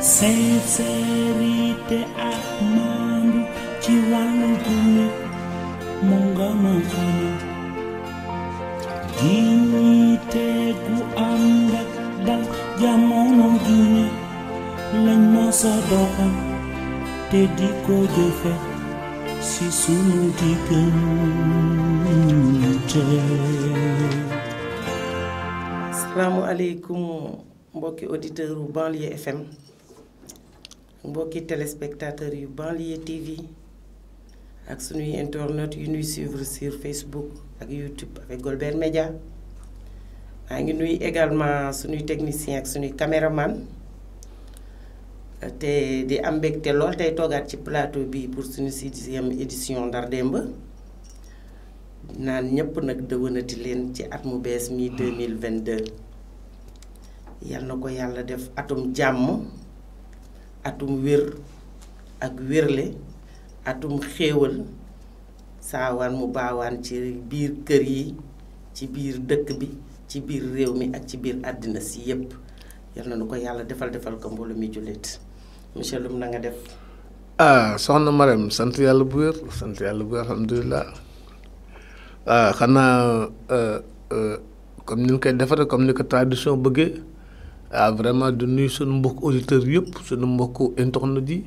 Saints. te di ko jëfe ci sunu diggante asalaamualeykum mbokki auditeur yu banlieue fm mbokki téléspectateur yu banlieue tv ak sunuy internet yu nuy suivre sur facebook ak youtube avec Golbert Média maa ngi nuy également sunuy technicien ak sunuy caméraman te di am mbégte lool tey toogaat ci plateau bi pour suñu sixième édition Ndar Démb naan ñépp nag dëwënati leen ci at mu bees mi 2022 yal na ko yàlla def atum jàmm atum wér ak wérle atum xéewal saawaan mu baawaan ci biir kër yi ci biir dëkk bi ci biir réew mi ak ci biir àddina si yépp yal na nu ko yàlla defal defal ko mbooloo mi jullit monsieur Loum na nga def. ah soxna Marème sant yàlla bu wér sant yàlla bu wér alhamdulilah ah xanaa ah, ah, comme ni ñu koy defaree comme ni ko tradition bëggee ah vraiment du nuy sunu mbokk auditeurs yëpp sunu mbokk internautes yi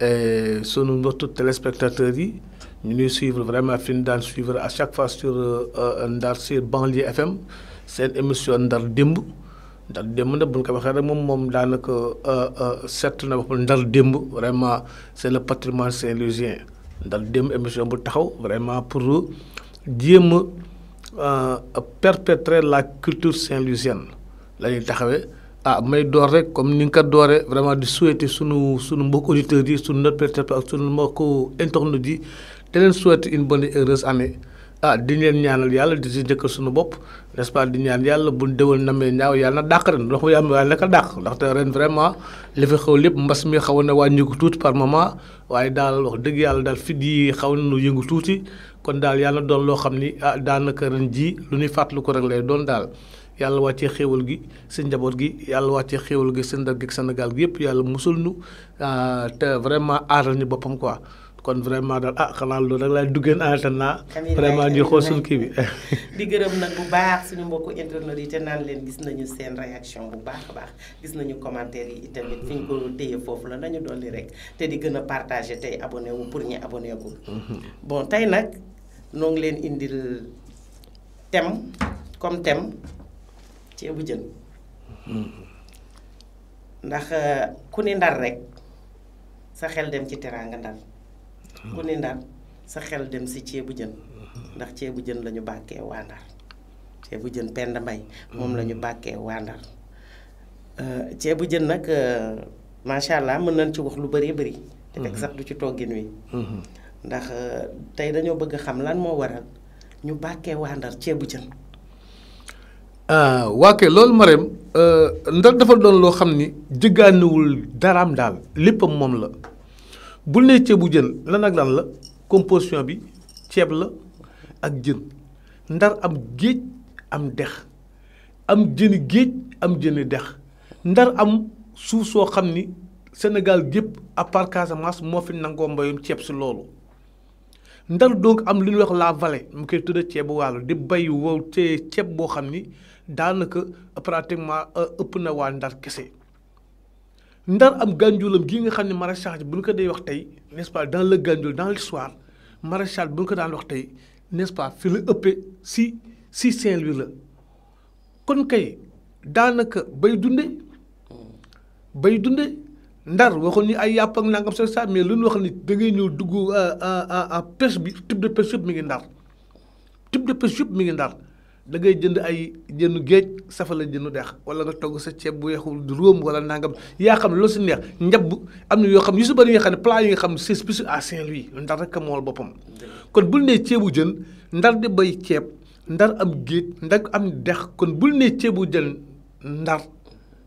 e sunu mbokk téléspectateurs yi ñu ñuy suivre vraiment fi ñu daan suivre à chaque fois sur euh, euh, Ndar sur Banlieue FM seen émission Ndar démb. ndar démb nag bu ñu ko waxee rek moom moom daanaka euh, euh, set na wax ndar démb vraiment c'est le patrimoine saint-louisien ndar démb émission bu taxaw vraiment pour jéem a euh, perpétrer la culture saint-louisienne la ñuy taxawee ah may door rek comme ni nga ko dooree vraiment di souhaiter sunu sunu mbokk auditeurs yi sunu note ak sunu mbokk internautes yi di leen souhaiter une bonne et heureuse année ah di leen ñaanal yàlla di si njëkkal sunu bopp. n'est-ce pas di ñaan yàlla buñ déwal namee ñaaw yàlla na dàq ren ndox mu yàlla na ko dàq ndaxte ren vraiment li fi xew lépp mbas mi xaw na wàññiku tuuti par moment waaye daal wax dëgg yàlla daal fit yi xaw na nu yëngu tuuti kon daal yàlla doon loo xam ni ah daanaka ren jii lu ñuy fàttaliku ko rek lay doon daal yàlla wàccee xéewal gi seen njaboot gi yàlla wàccee xéewal gi seen ndar gi senegal gi yëpp yàlla musul nu ah, te vraiment aaral ñu boppam quoi kon vraiment daal ah xanaa loolu rek laay duggeen en attendant vraiment ñu xool kii bi di gërëm nag bu baax suñu mbokku internet yi te naan leen gis nañu seen réaction bu baax baax gis nañu commentaire yi itamit fi ñu ko téye foofu la nañu doon dolli rek te di gën a partagé tey abonné wu pour ñu abonné wu bon tey nag noo ngi leen indil thème comme thème ceebu jën ndax euh, ku ne ndar rek sa xel dem ci teraanga ndar ku ni ndar sa xel dem si ceebu jën ndax ceebu jën lañu ñu bàkkee waa ndar ceebu jën pend mbay moom la ñu bàkkee waa euh, ceebu jën nag euh, macha allah mën nañ ci wax lu bëree bëri. te fekk sax du ci toggin wi. ndax euh, tey dañoo bëgg xam lan moo waral ñu bàkkee waa ndar ceebu jën. waa kay loolu Marème ndar dafa doon loo xam ni jëggaaniwul daraam daal léppam moom la. bul ne ceebu jën lan ak lan la composition bi ceeb la ak jën ndar am géej am dex am jëni géej am jëni dex ndar am suuf soo xam ni senegal gépp à part Casamance moo fi nangoo mbayum ceeb si loolu ndar donc am lu ñuy wax laa vallée mu koy tudda ceebu waalo di bay wow te ceeb boo xam ni daanaka pratiquement euh, ëpp na waa ndar kese ndar am gànjulam gii nga xam ne maraîchage bu ñu ko day wax tey n'est-ce pas dans le gànjul dans l'histoire maraîchage bu ñu ko daan wax tey n'est-ce pas fi la ëppee si si Saint-Louis la kon kay daanaka bay dunde bay dunde ndar waxoon ni ay yàpp ak nangam sax sax mais lu nu wax ni da ngay ñëw dugg en euh, euh, euh, pêche bi type de pêche yëpp mi ngi ndar type de pêche yëpp mi ngi ndar da ngay jënd ay jëndu géej safa la jëndu dex wala nga togg sa ceeb bu yeexul róom wala nangam yaa xam loo si neex njab am na yoo xam yu si bari yoo xam ne plat yi nga xam ne c'est spécial à ndar rek a mool boppam kon bul ne jën ndar di bay ceeb ndar am géej ndar am dex kon bul ne ceebu jën ndar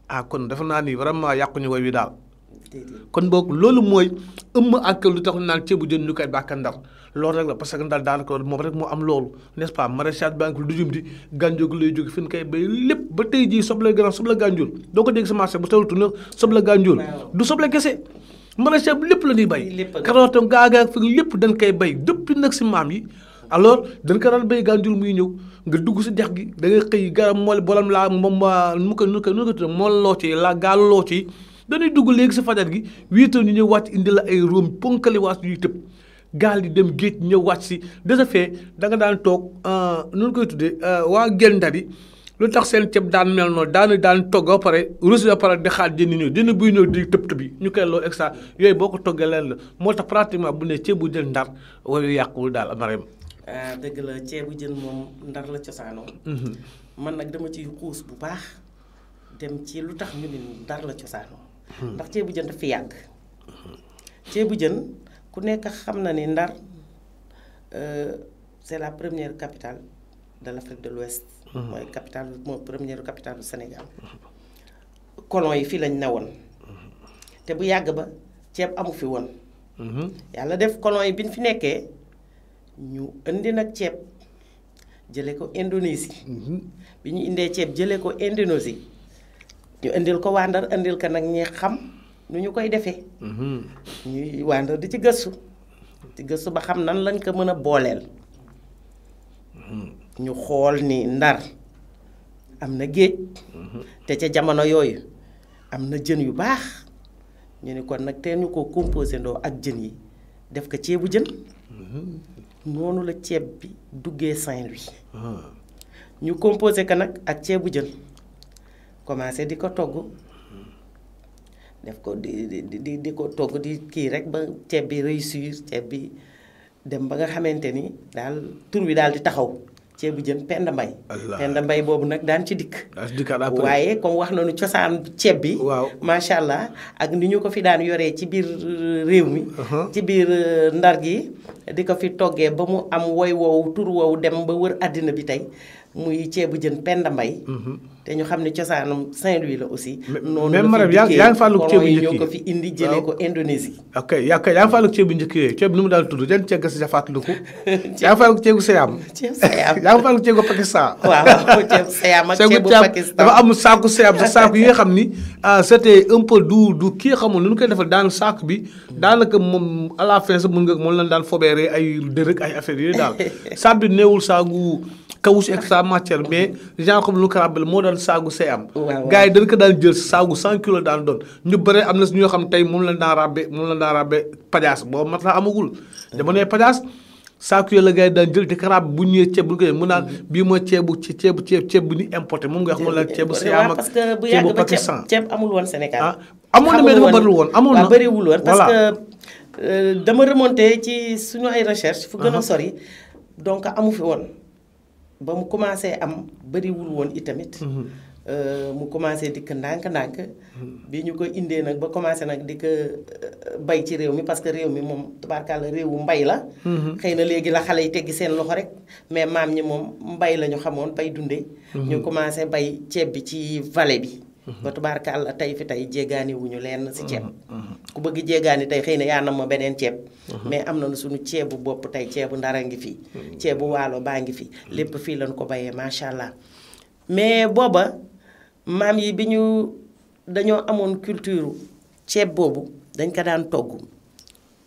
ah kon dafa naa ni vraiment yàqu ñu way wi daal kon boog loolu mooy ëmm ak lu tax naan ceebu jën ñu koy bàkka ndar loolu rek la parce que ndar daanaka moom rek moo am loolu n'est-ce pas maraîchage banque di gànjoog lay jóge koy bay lépp ba tey jii soble grand soble gànjool doo ko dégg sa marché tawatu na soble gànjool du soble kese maraîchage bi lépp la ñuy bay carotte gaaga fi lépp dañ koy bay depuis nag si maam yi alors dan ko daan bay gànjool muy ñëw nga dugg si dex gi da ngay xëy garab mool bolam laa moom nu ko nu ko nu ko tudd mool loo laa gaa gaal loo ci dañuy dugg léegi si fajar gi huit heures ñu ñëw wàcc indi la ay room ponkali waas yuy tëb gaal di dem géej ñëw wàcc si de ce da nga daan toog euh, nu koy tuddee euh, waa Guet Ndar lu tax seen ceeb daan mel noonu daan daan togg ba pare ruus ba pare di xaar jënd ñëw jënd buy ñëw ñu koy loolu extra yooyu boo ko toggee leen la moo tax pratiquement bu ne ceeb bu jël ndar wala yàquwul daal Marème. Euh, dëgg la ceebu jën moom ndar la cosaanoo. Mhm. man nag dama ciy xuus bu baax dem ci lu tax ñu ne ndar la cosaanoo. ndax bu jën fi yàgg ceebu jën ku nekk xam na ni Ndar euh, c'est la première capitale de l'Afrique de l'Ouest mmh. mooy capitale mooy première capitale senegal Sénégal colon yi fii lañ ne woon mmh. te bu yàgg ba ceeb amu fi woon mmh. yàlla def colon yi bi ñu fi nekkee ñu indi nag ceeb jële ko Indonésie bi ñu indee ceeb jële ko Indonésie ñu indil ko waa Ndar indil ko nag ñi xam nu ñu koy defee. Mhm. ñuy waa Ndar di ci gëstu. ci gëstu ba xam nan lañ ko mën a booleel. Mhm. ñu xool ni Ndar am na géej. Mhm. te ca jamono yooyu am na jën yu baax ñu ni kon nag te ñu ko composé ndoo ak jën yi def ko ceebu jën. noonu la ceeb bi duggee Saint-Louis. Ah. ñu composé ko nag ak ceebu jën. commencé di ko togg def ko di di di ko togg di kii rek ba ceeb bi réussir ceeb bi dem ba nga xamante ni daal tur bi daal di taxaw ceebu jën penda mbay penda mbay boobu nag daan ci dikk waaye comme wax na nu cosaan ceeb bi waaw macha allah ak ni ñu ko fi daan yoree ci biir euh, réew mi uh-huh. ci biir euh, ndar gi di ko fi toggee ba mu am woy woowu tur woowu dem ba wër àddina bi tey muy ceebu jën penda mbay mm-hmm. te ñu xam ne cosaanum Saint-Louis la aussi. noonu la fi yaa ngi fàllu ceeb ceeb njëkk yooyu ceeb bi nu mu daal tudd yan ceeb nga si jafandikoo. yaa ngi fàllu ceebu Seyam. ceeb Seyam yaa ngi fàllu ceebu ceeb Seyam Pakistan dafa am saako yi nga xam ni ah, c'était un peu du du kii xamul nu ñu koy defal daan saako bi daanaka moom à la fin sax mën nga mën leen daan fobeeree ay dërëg ay affaire yooyu daal saako bi néewul saagu kawus extra matière mais genre comme lu karab moo daan saagu see am. ko daan jël saagu 100 kilos daan doon ñu bëre am na si ñoo xam tey moom la daan ràbbe moom la daan ràbbe pajaas boobu mat naa amagul. Mm. la gars yi jël di ko ràbb bu ñëwee ceeb bu mu naan mm. bii mooy ci ceebu bu ñu importé moom nga xam moom la ceebu siyaam ak ceebu pakistan waaw amul woon Sénégal. Ah, amoon na mais dafa bëriwul woon amoon na bëriwul woon parce que euh, dama remonté ci suñu ay recherche fu gën a uh-huh. sori donc amu woon ba mu commencé am bariwul woon itamit mhm. euh, mu commencé dikk ndànk-ndànk mhm. bi ñu ko indee nag ba commencé nag di ko euh, bay ci réew mi parce que réew mi moom tubaarkàlla réewu mbay la mhm. xëy na léegi la xale yi teggi seen loxo rek mais maam ñi moom mbay lañu xamoon bay dunde ñu commencé bay ceeb bi ci vallée bi ba la tey fi tey jéggaani leen lenn si ceeb mm-hmm, mm-hmm. ku bëgg jéggaani tey xëy na yaa nam ma beneen ceeb mm-hmm. mais am nañu suñu ceebu bopp tey ceebu ndara ngi fi ceebu waalo baa ngi fi lépp fii lañ ko bayee macha allah mais booba maam yi bi ñu dañoo amoon culture ceeb boobu dañ ko daan togg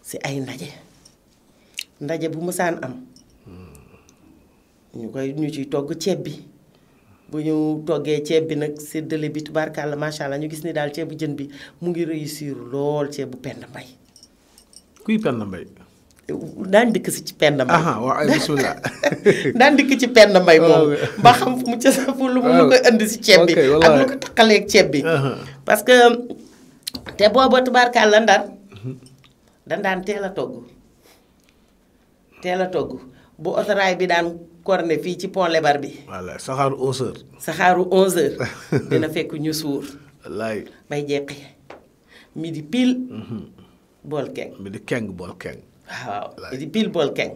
si ay ndaje ndaje bu mësaan am ñu koy ñu ciy togg ceeb bi bu ñu toggee ceeb bi nag séddale bi tubaarkàlla macha allah ñu gis ni daal ceebu jën bi mu ngi réussir lool ceebu Penda Mbaye. kuy Penda Mbaye. daan dëkk ci Penda Mbaye. waaw moom. ba xam mu ca fu lu mu ko indi si ceeb bi. ak lu ko takkaleeg ceeb bi. parce que te booba la ndar. dandaan teel a togg. teel togg bu otoraay bi daan. corne fii ci pont lebar bi. voilà saxaaru 11h. saxaaru 11h. dina fekk ñu suur. wallaay bay jeqi midi pile. Mhm. bool keng. midi keng bool keng. waaw midi pile bool keng.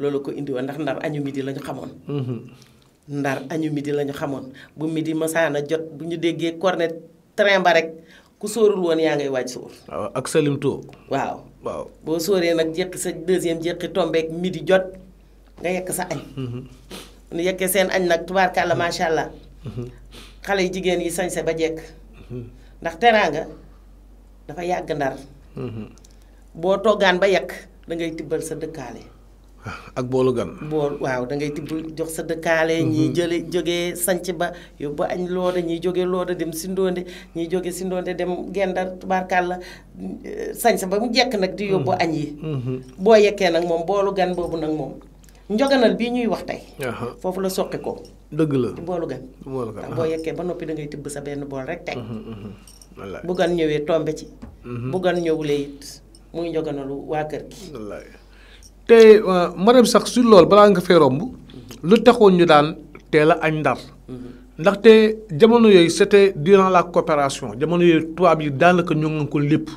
loolu ko indi woon ndax ndar añu midi la xamoon. Mhm. ndar añu midi la xamoon bu midi masaana jot bu ñu déggee corne train ba rek ku sóorul woon yaa ngay waaj sóor. waaw ak Salim waaw boo sóoree nag jeqi sa deuxième jeqi tombeek midi jot. nga yekk sa añ. Mm-hmm. nu yekkee seen añ nag tubaarkàlla mm-hmm. macha allah. Mm-hmm. xale yu jigéen yi sañse ba jekk. ndax teraanga dafa yàgg ndar. boo toggaan ba yekk dangay ngay tibbal sa dëkkaale. ak boolu gan. bool waaw da ngay tibb jox sa dëkkaale. ñi jële jóge sanc ba yóbbu añ looda ñiy jóge looda dem Sindonde ñiy jóge Sindonde dem Gendar tubaarkàlla sañse ba mu jekk nag. di yóbbu añ yi. boo yekkee nag moom boolu gan boobu nag moom. njoganal bii ñuy wax tey. foofu la soqi ko. dëgg la ci boolu gan. ndax boo yekkee ba noppi da ngay tibb sa benn bool rek teg. wallaay bu gan ñëwee tombe ci. bu gan ñëwulee it muy njoganalu waa kër gi. wallaay te madame sax su lool balaa nga fee romb. lu taxoon ñu daan teel a añ ndar. ndaxte jamono yooyu c'était durant la coopération jamono yooyu tubaab yi daanaka ñoo ngi ko lépp.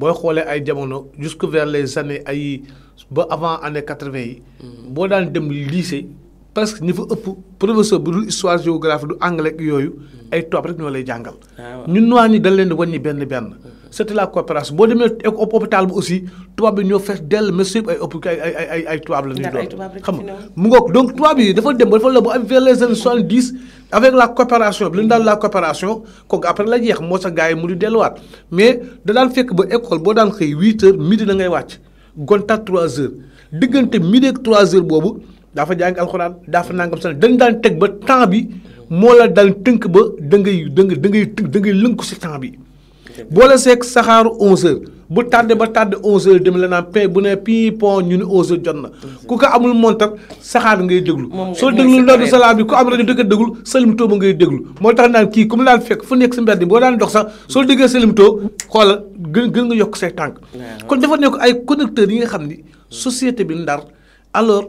booy xoolee ay jamono jusque vers les années ay ba avant année quatre-vingt yi. Mm-hmm. boo daan dem lycée presque ñi fa ëpp professeur bu dul histoire géographie du anglais yooyu. Mm-hmm. ay tubaab rek ñoo lay jàngal. Ah, ñun noir ñi dañ leen benn benn. Mm-hmm. c'était la coopération boo demee hôpital bi aussi tubaab bi ñoo fees dell monsieur ay ëpp ay ay ay tubaab la doon. xam nga mu ngoog donc tubaab yi dafa dem ba dafa la ba vers les années soixante-dix avec la coopération bi li ñu daan la coopération kooku après la jeex moo sa gars yi mu di delluwaat mais da daan fekk ba école boo daan xëy 8 heures midi da ngay wàcc gontaat 3 heures diggante midi ak 3 heures boobu daa fa jàng alxuraan daa fa nangam sax dañ daan teg ba temps bi moo la daan tënk ba da ngay da ngay da lënku si temps bi. boole seeg saxaaru 11h bu tardé ba tardé 11h dem la naan pe bu ne pii pon ñu ne 11h jot na ku ko amul montar saxaar ngay déglu soo déglu loolu salaa bi ku am rajo dëkk déglu Salimto ba ngay déglu moo tax naan kii comme laan fekk fu nekk si mbedd boo daan dox sax soo déggee Salimto xoolal gën gën nga yokk say tànk kon dafa nekk ay connecteurs yi nga xam ni société bi ndar alors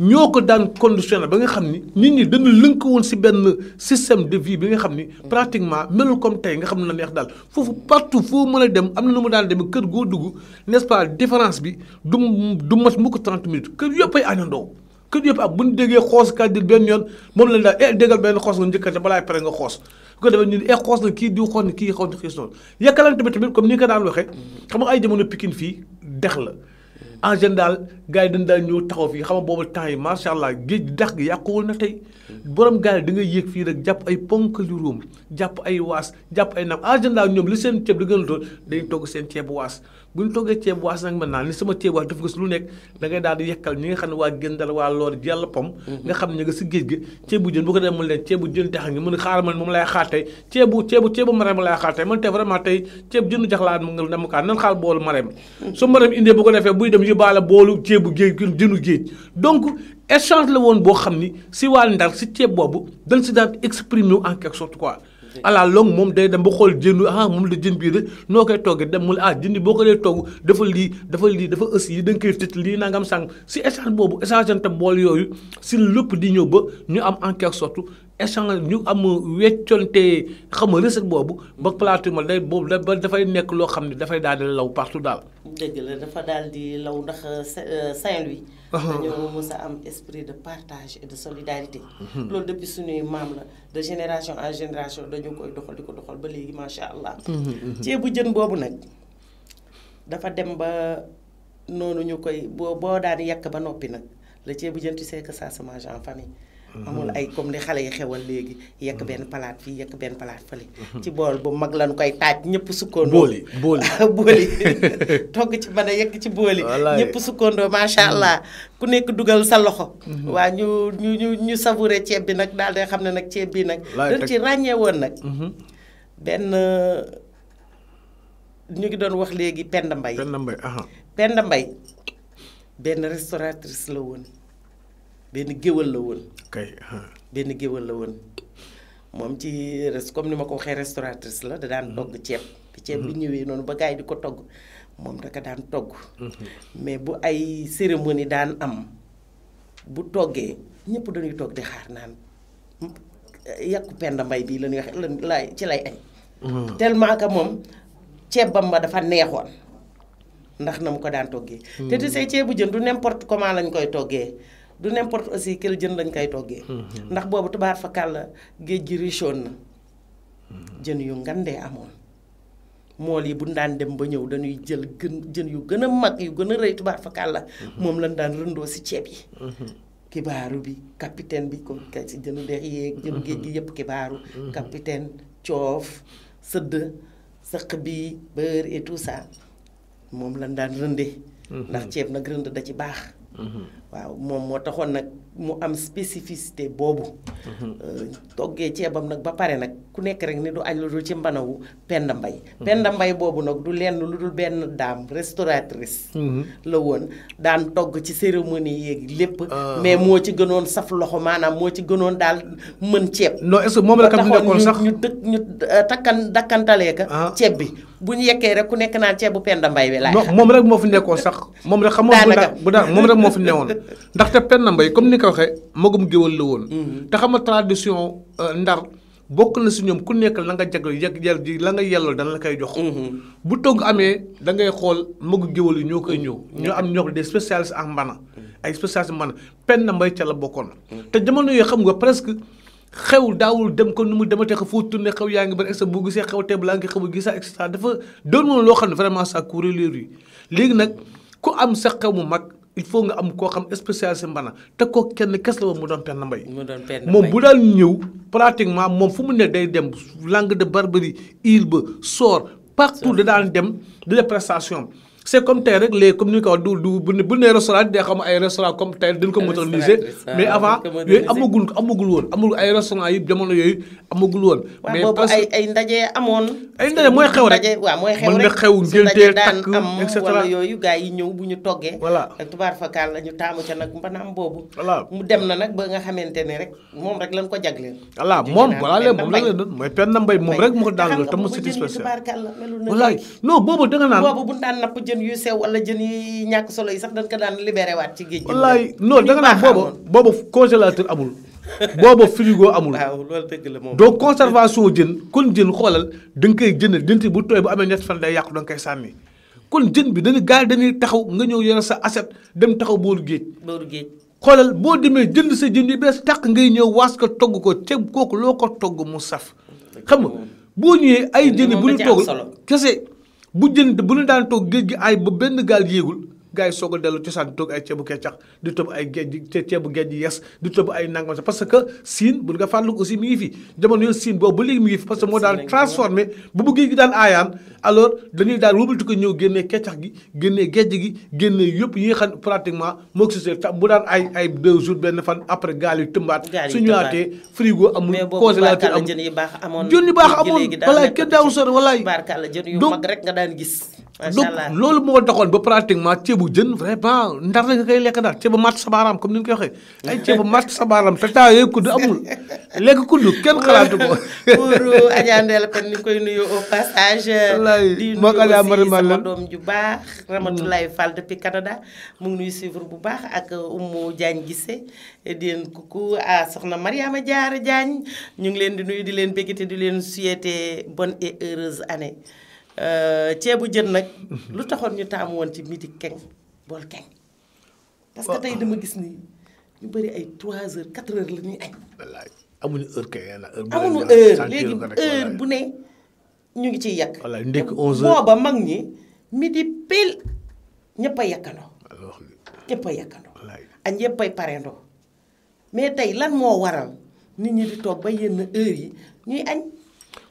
ñoo ko daan la ba nga xam ni nit ñi dañu lënk woon si benn système de vie bi nga xam ni pratiquement melul comme tey nga xam ne na neex daal foofu partout foo mën a dem am na nu mu daan dem kër goo dugg n'est-ce pas différence bi du du mat mukk 30 minutes kër yëpp ay àndandoo kër yëpp bu ñu déggee xoos kàddu benn yoon moom lañ daal eh déggal benn xoos nga njëkkante balaa pare nga xoos bu ko defee ñu ne eh xoos na kii di xoos na kii xoos na xiis noonu yàkkalante bi ni nga ko daan waxee xam nga ay fii dex la en général gars yi dañ daal ñëw taxaw fii xam nga boobu temps yi macha allah géej dax gi yàquwul na tey borom gaal yi da nga fii rek jàpp ay ponk yu jàpp ay waas jàpp ay naam en général ñoom li seen ceeb di gën a doon dañuy togg seen ceeb waas bu ñu toggee ceeb waas nag mën naa ni sama ceeb waas dafa gis lu nekk da daal yekkal ñi nga xam ne waa Gendal waa Loor Jalla Pom mm-hmm. nga xam ne nga si géej gi ceeb bu jën bu ko def mën leen ceeb bu jën jax tey man tey vraiment tey ceeb jënd jax laa nga dama kaa nan xaal boolu marème mm-hmm. su marème indee bu ko defee buy dem yóbbaale boolu ceebu géej jënu géej donc échange la woon boo xam ni si waa Ndar si ceeb boobu dañ si daan exprimer en quelque sorte quoi à la moom day dem ba xool jëndu ah moom la jën bii de noo koy toggee dem mu ne ah jëndi boo ko dee togg dafa lii dafa lii dafa ës yi da nga koy tëj lii nangam sàng si échange boobu échange te bool yooyu si lépp di ñëw ba ñu am en quelque échange ñu am wecconte xam nga recette boobu ba plateau ma day boobu da ba dafay nekk loo xam ne dafay daal di law partout daal. dëgg la dafa daal di law ndax euh, Saint-Louis. Uh-huh. dañoo mës a am esprit de partage et de solidarité. Uh-huh. loolu depuis suñuy maam la de génération en génération dañu koy doxal di ko doxal ba léegi macha allah. Uh-huh, ceebu jën boobu nag dafa dem ba noonu ñu koy boo boo daan yàq ba noppi nag la ceebu jën tu sais que ça se mange famille. amul mm-hmm. ay comme ni xale yi xewal léegi yekk benn mm-hmm. palaat fii yekk benn palaat fële mm-hmm. ci bool bu mag lañ koy taaj ñëpp sukkoondoo booli booli booli togg ci mën a yekk ci booli ñëpp sukkoondoo macha allah ku nekk dugal sa loxo waa ñu ñu ñu ñu ceeb bi nag daal de xam ne nag ceeb bi nag dañ ci ràññee woon nag benn ñu ngi doon wax léegi Penda Mbaye Penda Mbaye benn restauratrice la woon benn géwal la woon. benn géwal la woon moom ci comme ni ma ko waxee restauratrice la da daan hmm. togg ceeb. ceeb bi hmm. ñëwee noonu ba gars yi di ko togg moom da daan togg. Hmm. mais bu ay cérémonie daan am bu toggee ñépp dañuy togg di xaar naan yàqu penda mbay bii la ñuy wax lan laay ci lay añ. tellement que moom ceebam ba dafa neexoon ndax na mu ko daan toggee. te tu sais ceebu jën du n'importe comment lañu koy toggee. du n'importe aussi quel jën lañ koy toggee. Mm-hmm. ndax boobu tubaar fa kàll géej gi richoon na. Mm-hmm. jën yu ngandee amoon. mool yi bu ñu daan dem ba ñëw dañuy jël gën jën yu gën a mag yu gën a rëy tubaar fa kàll mm-hmm. moom lañ daan rëndoo si ceeb yi. bi capitaine bi comme kay si géej gi yëpp kibaaru. capitaine coof sëdd sëq bi beurre moom lañ daan rëndee. ndax ceeb nag rënd da ci baax. waaw moom moo taxoon nag mu am spécificité boobu. Mhm. Euh, toggee ceebam nag ba pare nag ku nekk rek ni du añ lu dul ci mbanawu Penda Mbay. Mhm. Penda Mbay boobu nag du lenn lu dul benn daam restauratrice. Mhm. la woon daan togg ci cérémonie yeeg lépp. Ah. mais moo ci gënoon saf loxo maanaam moo ci gënoon daal mën ceeb. non est-ce que moom la kam nekkoon sax ñu dëkk ñu euh, takkan dakkantalee ka ah. ceeb bi. bu ñu yekkee rek ku nekk naan ceebu Penda Mbay bi laay. non moom rek moo fu nekkoon sax. moom rek xam nga bu daan moom rek moo fi newoon. ndaxte Penda mbay comme ni ko waxee magum géwal la woon. Mm-hmm. te xam nga tradition euh, ndar bokk na si ñoom ku nekk la nga jagleel yegg yàlla ji la nga yelloo dana la koy jox. Mm-hmm. bu togg amee da ngay xool magu géwal yi ñoo koy ñëw. Mm-hmm. ñoo am ñoo ko des spécialistes en mbana. ay spécialistes mbana Penda mbay ca la bokkoon. te jamono yooyu xam nga presque. xew daawul dem ko nu mu dematee ko foo tourné xew yaa ngi bari extra bu gisee xew teeb laa ngi xew gisaa extra dafa doon woon loo xam ne vraiment ça courait les léegi nag ku am sa xew mu mag il faut nga am koo xam spécialiste mbana te ko kenn kes la woon mu doon penn mbay. mu doon penn mbay moom bu daal ñëw pratiquement moom fu mu ne day dem langue de Barbarie île ba Sor partout da daal dem di def prestation c'est comme tey rek les communicants du du bu bu nee restaurant day xam ay restaurant comme tey dañ ko moderniser mais avant yooyu amagul woon amul ay restaurant yi jamono yooyu amagul woon mais parce que ay ndaje amoon ay ndaje mooy na xew ngéntee takk et cetera wala la ñu taamu ca nag ne rek moom rek lañ ko jagleel voilà la leen doon mooy penn mbay moom rek moo ko daan loolu te mu siti spécial voilà boobu da nga naan jën yu sew wala jën yu ñàkk solo yi sax dañ ko daan libéré waat ci géej gi. wallaay non danga naan booba booba congélateur amul. booba frigo amul. waaw loolu dëgg la moom. donc conservation jën kon jën xoolal da nga koy jënd dënt bu tooy bu amee ñett fan day yàqu da nga koy sànni. kon jën bi dañuy gaal dañuy taxaw nga ñëw yore sa assiette dem taxaw booru géej. booru géej. xoolal boo demee jënd sa jën yi bees tàq ngay ñëw waas ko togg ko ceeb kooku loo ko togg mu saf. xam nga boo ñëwee ay jën bu ñu togg kese bu jën bu ñu daan toog géej gi ay ba benn gaal yéegul gars yi soog a dellu cosaan toog ay ceebu keccax di tëb ay géej ceebu géej yes di tëb ay nangam sax parce que Sine bu nga fàttaliku aussi mi ngi fi jamono yooyu Sine boobu ba léegi mi ngi fi parce moo daan yëpp yi nga xam pratiquement moog si ay ay benn fan après gaal tëmbaat su ñëwaatee frigo amul congélateur amul jën yu baax amoon walaay kenn daaw sor walaay loolu moo doxoon ba pratiquement ceebu jën vraiment ndar la nga koy lekk daal ceebu mat sa baaraam comme ni ñu koy waxee. ay ceebu mat sa baaraam te taa yooyu kudd amul lekk kudd kenn xalaatu ko. pour Adja Ndella Pène ñu koy nuyu au passage. di nuyu aussi sama doom ju baax. Ramatoulaye mm. Fall depuis Canada mu ngi nuyu bu baax ak Oumou Diagne Guissé di leen kuku à soxna Mariama jaar Diagne ñu ngi leen di nuyu di leen bëgg di leen souhaiter bonne et heureuse année. Euh, ceebu jën nag lu taxoon ñu taamu woon ci midi keng bool keng parce oh. tey dama gis ni ñu bëri ay 3 heures 4 heures la ñuy añ. amuñu heure kay la heure amuñu heure léegi heure bu ne ñu ngi ciy yàq. wallaay ndekki 11 heures ba mag ñi midi pile ñëpp yàkkandoo. ñëpp a yàkkandoo. wallaay añ yëpp ay parendoo mais tey lan moo waral nit ñi di toog ba yenn heure yi ñuy añ.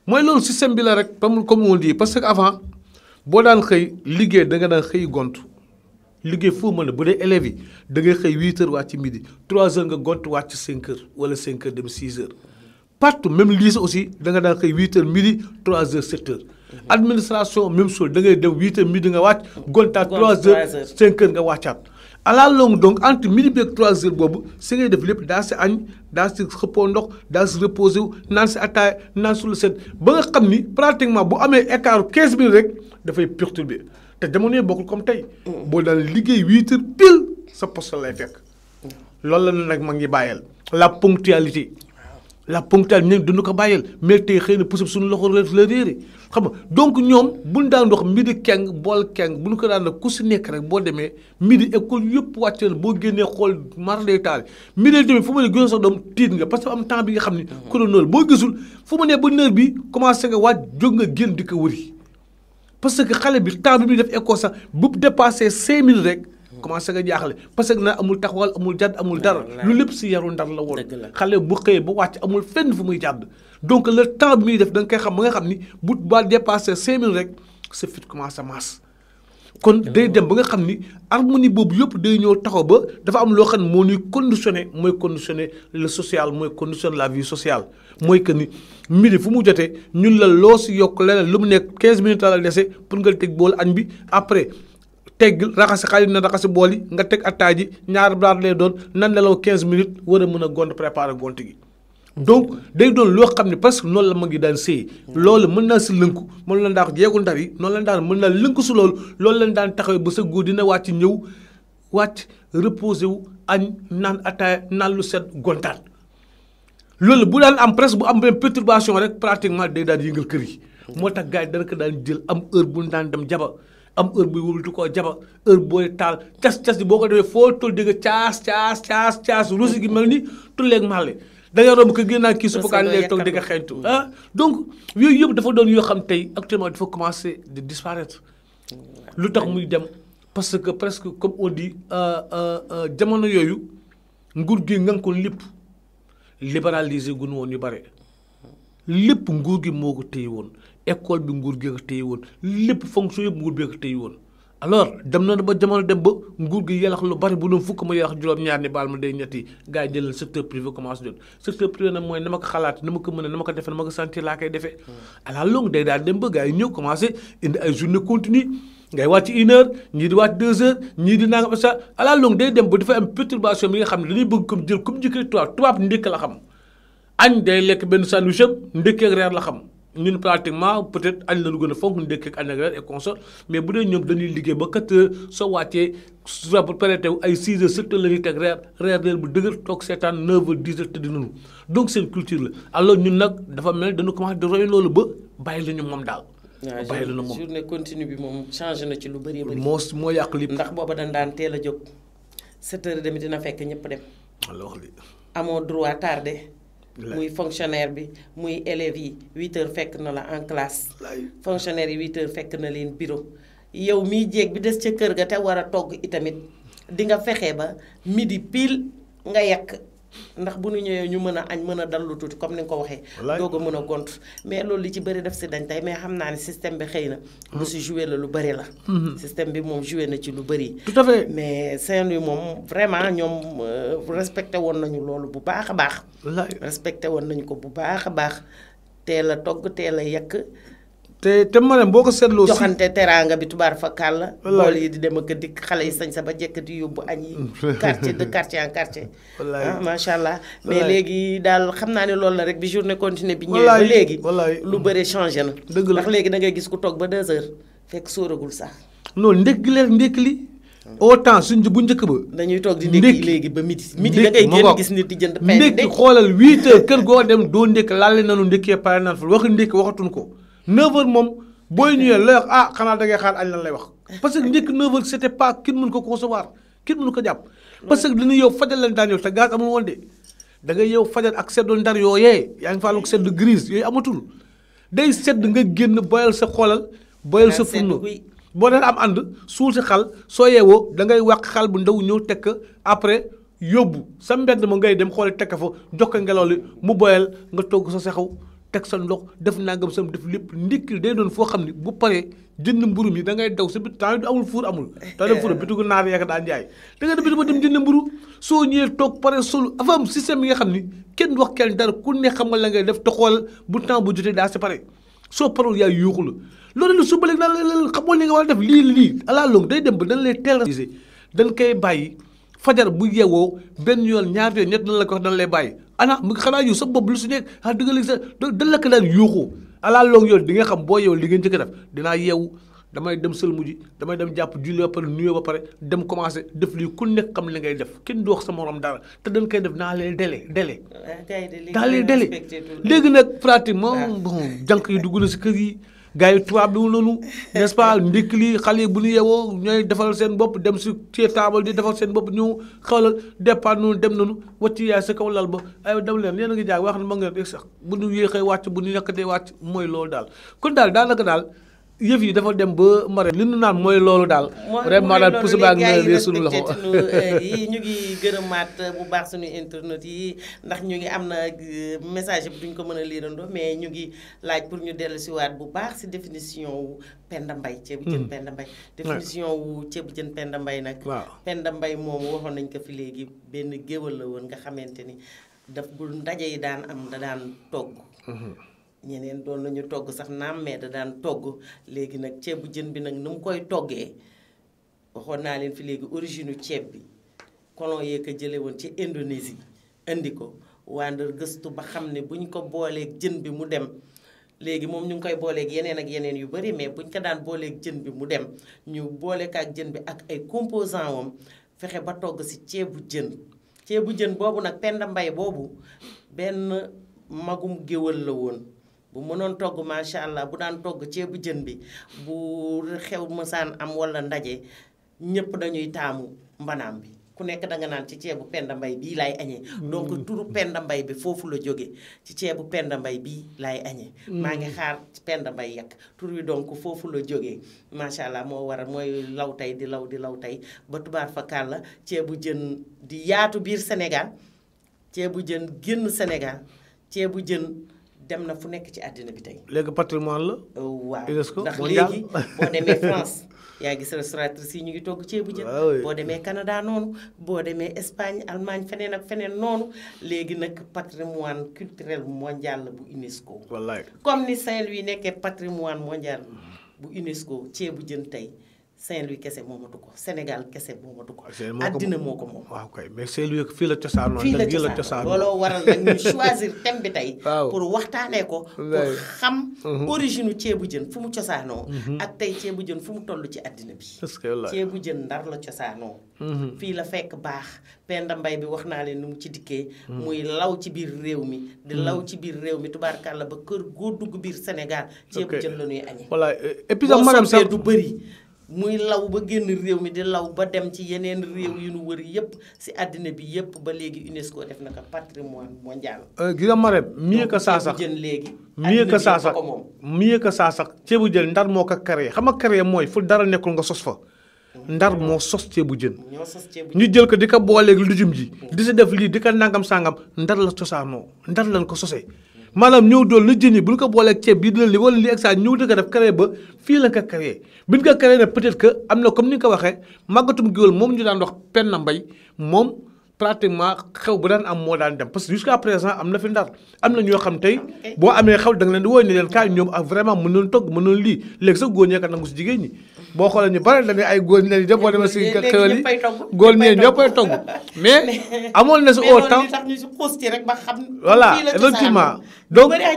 mooy loolu système bi la rek comme comme on dit parce que avant boo daan xëy liggéey da nga daan xëy gont liggéey foo mën a bu dee élèves yi da ngay xëy 8 heures wàcc midi trois heures nga gontu wàcc 5 heures wala 5 heures dem 6 heures partout même lycée aussi da nga daan xëy 8 heures midi 3 heures 7 heures. administration même chose da ngay dem 8 heures midi nga wàcc. gontaat 3 heures 5 heures nga wàccaat. à la donc entre midi beeg trois heures boobu si ngay def lépp daa si añ daa si xëppoo ndox daa si reposé wu naan si attaaya naan sur le set ba nga xam ni pratiquement bu amee écart quinze minutes rek dafay perturbé te jamono yi comme tey. Mm. boo daan liggéey huit heures pile sa poste lay fekk. Mm. loolu la nag ma ngi bàyyeel la ponctualité. la ponctualité ñun duñu ko bàyyil mais tey xëy na poussab suñu loxo la réere xam nga donc ñoom buñ daan wax midi keng bool keng bu nu ko daan la ku si nekk rek boo demee midi école yëpp wàcce na boo génnee xool mar day taal midi demee fu mu ne gënoon sax parce que am temps bi nga xam ne chrono boo gisul fu mu ne ba neuf bi commencé nga waaj jóg nga génn di ko wëri parce que xale bi temps bi def école sax bu dépassé cinq mille rek commencé nga jaaxle parce que nag amul taxawal amul jàdd amul dara lu lépp si yaru ndar la woon xale bu xëyee ba wàcc amul fenn fu muy jàdd donc le temps bi muy def danga nga koy xam ba nga xam ni bu ba dépassé cinq minutes rek sa fit commencé kon day dem ba nga xam ni harmonie boobu yëpp day ñëw taxaw ba dafa am loo xam ne moo ñuy conditionné mooy conditionné le social mooy conditionné la vie sociale mooy que ni midi fu mu jotee ñun la loo si yokk leneen lu mu nekk 15 minutes la dese pour nga teg bool añ bi après teg raxas xaalis na raxas bool yi nga teg attaa ji ñaar daal lay doon nan nelaw 15 minutes war a mën a gont préparer gont gi. donc day doon loo xam ne parce que noonu la mag yi daan sëy loolu mën naa si lënku moom lañ daan jeegu ndar yi noonu la daan mën naa lënku si loolu loolu lañ daan taxawee ba sa góor dina wàcc ñëw wàcc reposé wu añ naan attaaya naan lu set gontaan loolu bu daan am presque bu am benn perturbation rek pratiquement day daan yëngal kër moo tax gars dana ko daan jël am heure bu ñu daan dem jaba am heure buy wóobatu ko jaba heure booy taal cas cas bi boo ko defee foo toll dégg caas caas caas caas gi mel ni tulleeg maale da ngay romb kër gi naan kii suppakaan lay toog di nga xeeñtu ah donc yooyu yëpp dafa doon yoo xam tey actuellement dafa commencer de disparaître hmm. lu tax muy dem parce que presque comme on dit euh, euh, euh, jamono yooyu nguur gi nga ko lépp libéraliser gunu woon yu bare lépp nguur gi moo ko téye woon école bi nguur gi ko téye woon lépp fonction yëpp nguur gi ko téye woon. alors dem na ba jamono dem ba nguur gi yelax lu bari bu doon fukk ma yelax juróom-ñaar ni baal ma day ñetti gaa yi jëlal secteur privé commencé jot secteur privé mooy na ma ko xalaat na ma ko mën a na ma ko defee na ma ko sentir laa koy defee. Hmm. à la day daal dem ba gars yi ñëw commencé indi ay ne continue ngay wàcc une heure ñii di wàcc deux heures ñii di nangam sa day dem ba dafa am perturbation bi nga xam ne dañuy bëgg comme jël comme njëkkee tubaab tubaab ndékk la xam añ day lekk benn sandwich ndékkee reer la xam. ñun pratiquement peut-être añ la ñu gën a fonk ñu dëkk ak añ ak reer et consort mais bu dee ñoom dañuy liggéey ba quatre heures soo wàccee su ba pare teew ay six heures sept la ñuy teg reer reer bu dëgër toog seetaan neuf heures dix heures tëdd nañu donc seen culture la alors ñun nag dafa mel dañu commencé di roy loolu ba bàyyi la moom daal. bàyyi la ñu moom journée continue bi moom changé na ci lu bëri bëri. moo moo yàq lépp ndax booba dañ daan teel a jóg sept heures demi dina fekk ñëpp dem. amoo droit tardé. muy fonctionnaire bi muy élèves yi huit fekk na la en classe fonctionnaire yi huit fekk na leen bureau yow miy jéeg bi des ca kër ga te war a togg itamit di nga fexe ba midi pile nga yekk ndax bu nu ñëwee ñu mën a añ mën a dallu tuuti comme ni nga ko waxee doog a mën a gont mais loolu li ci bëri def si dañ tey mais xam naa ne système bi xëy na lu si joué la lu bëri la mm-hmm. système bi moom joué na ci lu bëri tout à fait mais seen yu moom vraiment ñoom euh, respecté woon nañu loolu bu baax a baax respecté woon nañu ko bu baax a baax teel a togg teel a yekk te te ma ne boo ko seetloo. si joxante teraanga bi tubaar fa kàlla. bool yi di dem ak dikk xale yi sañ sa ba jekk di yóbbu añ yi. quartier de quartier en quartier. wallaay ah, macha allah. mais léegi daal xam naa ne loolu la rek bi journée continue bi. ñëwee ba léegi lu bëre changé na. dëgg la léegi da ngay gis ku toog ba 2 heures fekk sóoragul sax. non ndékki leen ndékki li. autant suñ bu njëkk ba. dañuy toog di ndékki léegi ba midi. midi da ngay génn gis nit di jënd. ndékki xoolal 8 heures kër goo dem doo lal na nañu ndékkee pare naan fa wax ndékki waxatuñ ko 9h moom booy ñëwee lay wax ah xanaa da ngay xaar añ lan lay wax. parce que njëkk 9h c'était kenn mënu ko concevoir kenn mënu ko jàpp. parce que dañuy yow fajal lañ daan yow te gaz amul woon de da ngay yow fajal ak seddu ndar yooyee yaa ngi fàttaliku sedd grise yooyu amatul day sedd nga génn boyal sa xoolal boyal sa furno boo daan am ànd suul si xal soo yeewoo da ngay wàq xal bu ndaw ñëw tekk après yóbbu sa mbedd ma ngay dem xooli tekk fa jox ko ngelaw li mu boyal nga togg sa sexaw teg sa ndox def nangam sam def lépp ndikki day doon foo xam ne bu paree jënd mburu mi da ngay daw sa bit temps amul fuur amul da nga dem bitu ba dem jënd mburu soo ñëwee toog pare solu avant système kenn wax kenn dara ku ne xam nga la ngay def te xoolal bu temps bu jotee daa si pare soo parul yaay yuuxu la loolu la suba léegi daal la xamoo li nga war a def lii lii day dem ba dañ lay teel dañ koy bàyyi fajar bu yeewoo benn yoon ñaar yoon ñett nan la ko wax nan lay bàyyi ana mu xanaa yow sa bopp lu si nekk ah dëgg la sa dëgg la ko daan yuuxu ala longue yoon di nga xam boo yow li ngeen njëkk def dinaa yeewu damay dem sëlmu ji damay dem jàpp julli ba pare nuyoo ba pare dem commencé def lii ku nekk xam li ngay def kenn du wax sa moroom dara te dañ koy def naa leen délai délai. daa leen délai léegi nag pratiquement ah. bon jànk yi dugg na si kër yi. gars yi tuwaab bi mu noonu n'est-ce lii xale yi bu ñu yewoo ñooy defal seen bopp dem si ci taabal di defal seen bopp ñu xawlal départ noonu dem nañu wàcc yaay sa kaw lal ba ay dem leen yéen a ngi jaag wax ne nga ngeen sax bu ñu yéexee wàcc bu ñu ñàkkatee wàcc mooy loolu daal kon daal daanaka daal yëf yi dafa dem ba mara li nu naan mooy loolu daal vraiment daal pousse baa ngi suñu loxo euh, yi ñu ngi gërëmaat bu baax suñu internet yi ndax ñu ngi am na euh, message bi duñ ko mën a liirandoo mais ñu ngi laaj pour ñu dellu si waat bu baax si définition wu Penda Mbaye ceebu jën hmm. Penda Mbaye wu ceebu jën Penda Mbaye nag waaw Penda Mbaye moomu waxoon nañ ko fi léegi benn géwal la woon nga xamante ni daf bu ndaje yi daan am da daan togg hmm. ñeneen doon nañu togg sax naam mais da daan togg léegi nag ceebu jën bi nag nu mu koy toggee waxoon naa leen fi léegi origine ceeb bi colon yee ko jële woon ci Indonésie indi ko waandar gëstu ba xam ne buñ ko booleeg jën bi mu dem léegi moom ñu ngi koy booleeg yeneen ak yeneen yu bari mais buñ ko daan booleeg jën bi mu dem ñu booleek ak jën bi ak ay composant wam fexe ba togg ci ceebu jën ceebu jën boobu nag Penda Mbay boobu benn magum géwël la woon bu mënoon togg macha allah bu daan togg ceebu jën bi bu xew mësaan am wala ndaje ñëpp dañuy taamu mbanaam bi ku nekk danga naan ci ceebu Penda Mbay bii laay añee. Mm. donc turu Penda Mbay bi foofu la jóge ci ceebu Penda Mbay bii laay añee. Mm. maa ngi xaar Penda Mbay yàq tur donc foofu la jógee macha allah moo war a mooy law tey di law di law tey ba tubaar fa kàlla ceebu jën di yaatu biir Sénégal ceebu jën génn Sénégal ceebu jën. dem na fu nekk ci àddina bi tey. léegi patrimoine la. waaw ndax léegi boo demee France yaa gis restauratrice yi ñu ngi togg ceebu jën. boo demee Canada noonu. boo demee Espagne Allemagne feneen ak feneen noonu léegi nag patrimoine culturel mondiale la bu UNESCO. wallaay comme ni Saint-Louis nekkee patrimoine mondial bu UNESCO ceebu jën tey. Saint-Louis kese moomatu ko Sénégal kese moomatu ko. àddina moo ko moom waaw kay mais Saint-Louis fii la cosaanoo. fii la cosaanoo looloo waral nag bi tey. waxtaanee ko. pour xam. Mhm. origine ceebu jën fu mu cosaanoo. Mhm. ak tey ceebu jën fu mu toll ci àddina bi. ceebu jën ndar la cosaanoo. Mhm. fii la fekk baax Penda Mbay bi wax naa leen nu mu ci dikkee. muy law ci biir réew mi. di law ci biir réew mi tubaarkàlla ba kër goo dugg biir Sénégal. ceebu jën la ñuy añee. voilà eh, et puis madame du bëri. muy law ba génn réew mi di law ba dem ci yeneen réew yu nu wër yëpp si àddina bi yëpp ba léegi UNESCO def na ko patrimoine mondial. Euh, gis nga Marème mieux que saa sax jën léegi. mieux que saa sax mieux que saa sax ceebu jën ndar moo ko créé xam nga créé mooy fu dara nekkul nga sos fa. ndar mm. moo sos ceebu jën. ñu jël ko di ko booleeg lujum ji. di si def lii di ka nangam sangam ndar la cosaanoo ndar lañ ko sosee. maanaam ñëw doon la jën yi bu ñu ko booleeg ceeb bii dina li wala li extra ñëw di ko def créé ba fii la ko créé bi ñu ko créé ne peut-être que am na comme ni nga ko waxee màggatum géwél moom ñu daan penn Penda Mbaye moom pratiquement xew bu daan am moo daan dem parce que jusqu'à présent am na fi ndar am na ñoo xam tey boo amee xew da leen di wóor ne leen kaay ñoom ak vraiment mën nañu togg mën nañu lii léegi sax góor ñee ko nangu si jigéen ñi boo xoolee ñu bare dañuy ay ñi leen def boo demee si xewal yi góor ñee ñëppay togg mais amoon na si au temps tax ñu si xuus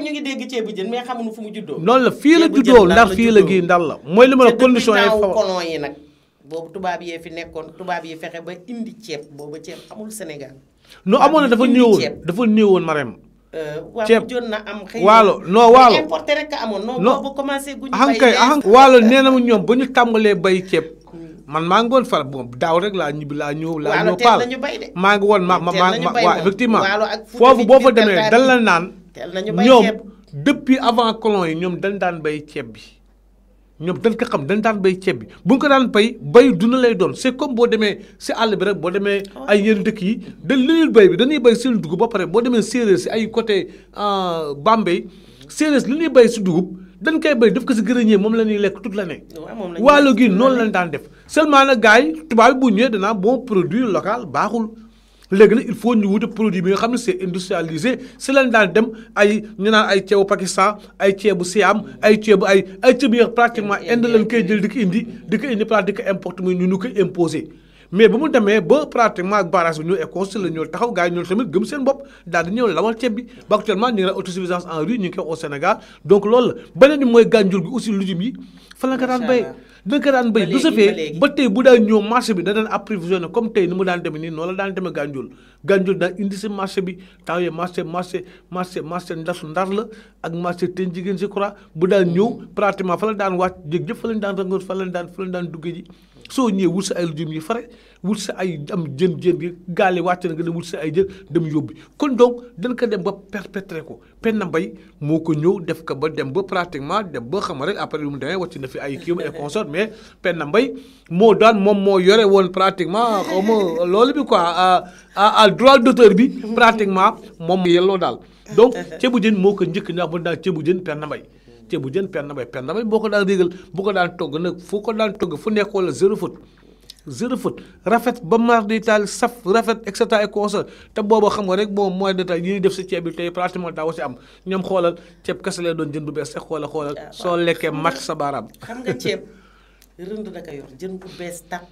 ñu ngi dégg ceebu jën mais xamuñu fu mu juddoo noonu la fii la juddoo ndar fii la gii ndar la mooy li ma la condition yi boobu tubaab yee fi nekkoon tubaab yi fexe ba indi ceeb boobu ceeb amul Sénégal. no amoon na dafa néewoon dafa néewoon Marème. Euh, ceeb waaw na am. xëy waalo non waalo importé rek a amoon. non commencé guñu bay kay waalo nee na ñoom ba ñu tàmbalee bay ceeb. Hmm. man maa ngi woon far bon daaw rek laa ñibbi laa ñëw laa ñëw paal maa ngi woon ma ma ma waaw effectivement foofu boo fa demee dal la naan ñoom depuis avant colon yi ñoom dañ daan bay ceeb bi ñoom dañ ko xam dañ daan bay ceeb bi bu ko daan béy bay duna lay doon c'est comme boo demee si àll bi rek boo demee ay oh. yenn dëkk yi dañ li bay béy bi dañuy béy seen dugub ba pare boo demee séeréer si ay côté euh, Bambey séeréer li ñuy bay si dugub dan koy béy def ko si grenier moom la ñuy lekk toute l'année waalo gi noonu lañ daan def seulement nag gars yi tubaab yi bu ñëwee danaa boo produit local baaxul léegi nag il faut ñu wuti produit bi nga xam ne see industrialisé si lañ daan dem ay ñu naan ay ceebu Pakistan ay ceebu Siam ay ceebu ay ay ceeb yi pratiquement Inde lañ koy di ko indi di ko indi importe muy ñu ñu ko imposé mais bu mu demee ba pratiquement barrage bi ñoo écossi la ñoo taxaw gars yi ñoo tamit gëm seen bopp daal di ñëw lawal ceeb bi ba actuellement ñu ngi la autosuffisance en riz ñu ngi koy au Sénégal donc loolu la beneen bi mooy gànjur gi fa la nga daan dina ko daan béy bu safee ba tey bu daan ñëw marché bi da daan approvisionné comme tey ni mu daan demee nii noonu la daan demee Gandiol Gandiol daal indi si marché bi taawee marché marché marché marché ndasu ndar la ak marché ten jigéen si croix bu daan ñëw pratiquement fa la daan wàcc jéeg yëpp fa lañ daan rangoon fa lañ daan fa lañ daan duggee ji soo ñëwee wut sa ay lujum yi fare wut sa ay am jën jën gi gaale wàcc na nga dem yóbbi kon donc dañ ko dem ba perpétré ko Penda Mbaye moo ko ñëw def ko ba dem ba pratiquement dem ba xam rek après lu mu demee wàcc na fi ay kii et consort mais Penda Mbaye moo daan daal droit d'auteur bi pratiquement moom yelloo daal donc ceebu jën moo ko njëkk ndax bu daal ceebu jën Penda Mbaye ceebu jën Penda Mbaye Penda Mbaye boo ko daan régal bu ko daan togg nag foo ko daan togg fu nekkoo wala zéro faute zéro faute rafet ba mar di taal saf rafet et cetera et consa te booba xam nga rek moom mooy détail yi ñuy def si ceeb bi tey pratiquement daaw si am ñoom xoolal ceeb kese lay doon jën bu bees sax xoola xoolal ah, soo lekkee mat sa baaraam xam nga ceeb rënd da jën bu bees tàq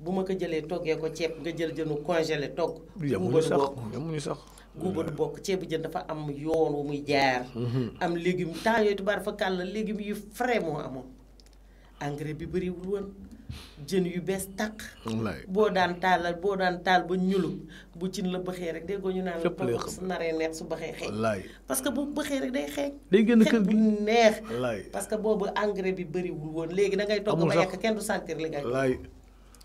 bu ma ko jëlee toggee ko ceeb nga jël jënu congelé togg. yamuñu sax yamuñu sax. guuba du bokk ceebu jën dafa am yoon wu muy jaar. Mhm. am légume temps yooyu tubaar fa kàll légumes yu frais moo amoon engrais bi bëriwul woon jën yu bees tàq. boo daan taalal boo daan taal ba ñulub bu cin la bëxee rek déggoo ñu naan. fépp la su naree neex su bëxee xeeñ. parce que bu bëxee day xeeñ. day génn kër gi neex. parce que boobu engrais bi bëriwul woon léegi da ngay togg ba yàq kenn du sentir li ngay.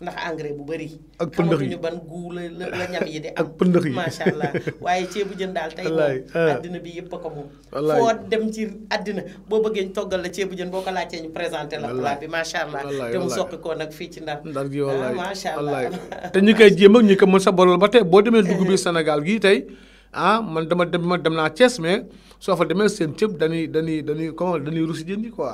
ndax engrais bu bëri. ak pëndëx yi xamatuñu la la ñam yi ak pëndëx yi macha allah waaye ceebu jën daal tey moom ah. bi yëpp a ko moom. foo dem ci addina boo bëggee ñu toggal la ceebu jën boo ko laajtee ñu présenté la plat bi macha allah. te mu soqi ko nag fii ci ndar. ndar gi wallaay ah, macha allah te ñu koy jéem ak ñu ko mën sa boral ba tey boo demee dugub bi Sénégal gii tey ah man dama dem ma dem naa Thiès mais soo fa demee seen cëb dañuy dañuy dañuy comment dañuy rusi jën yi quoi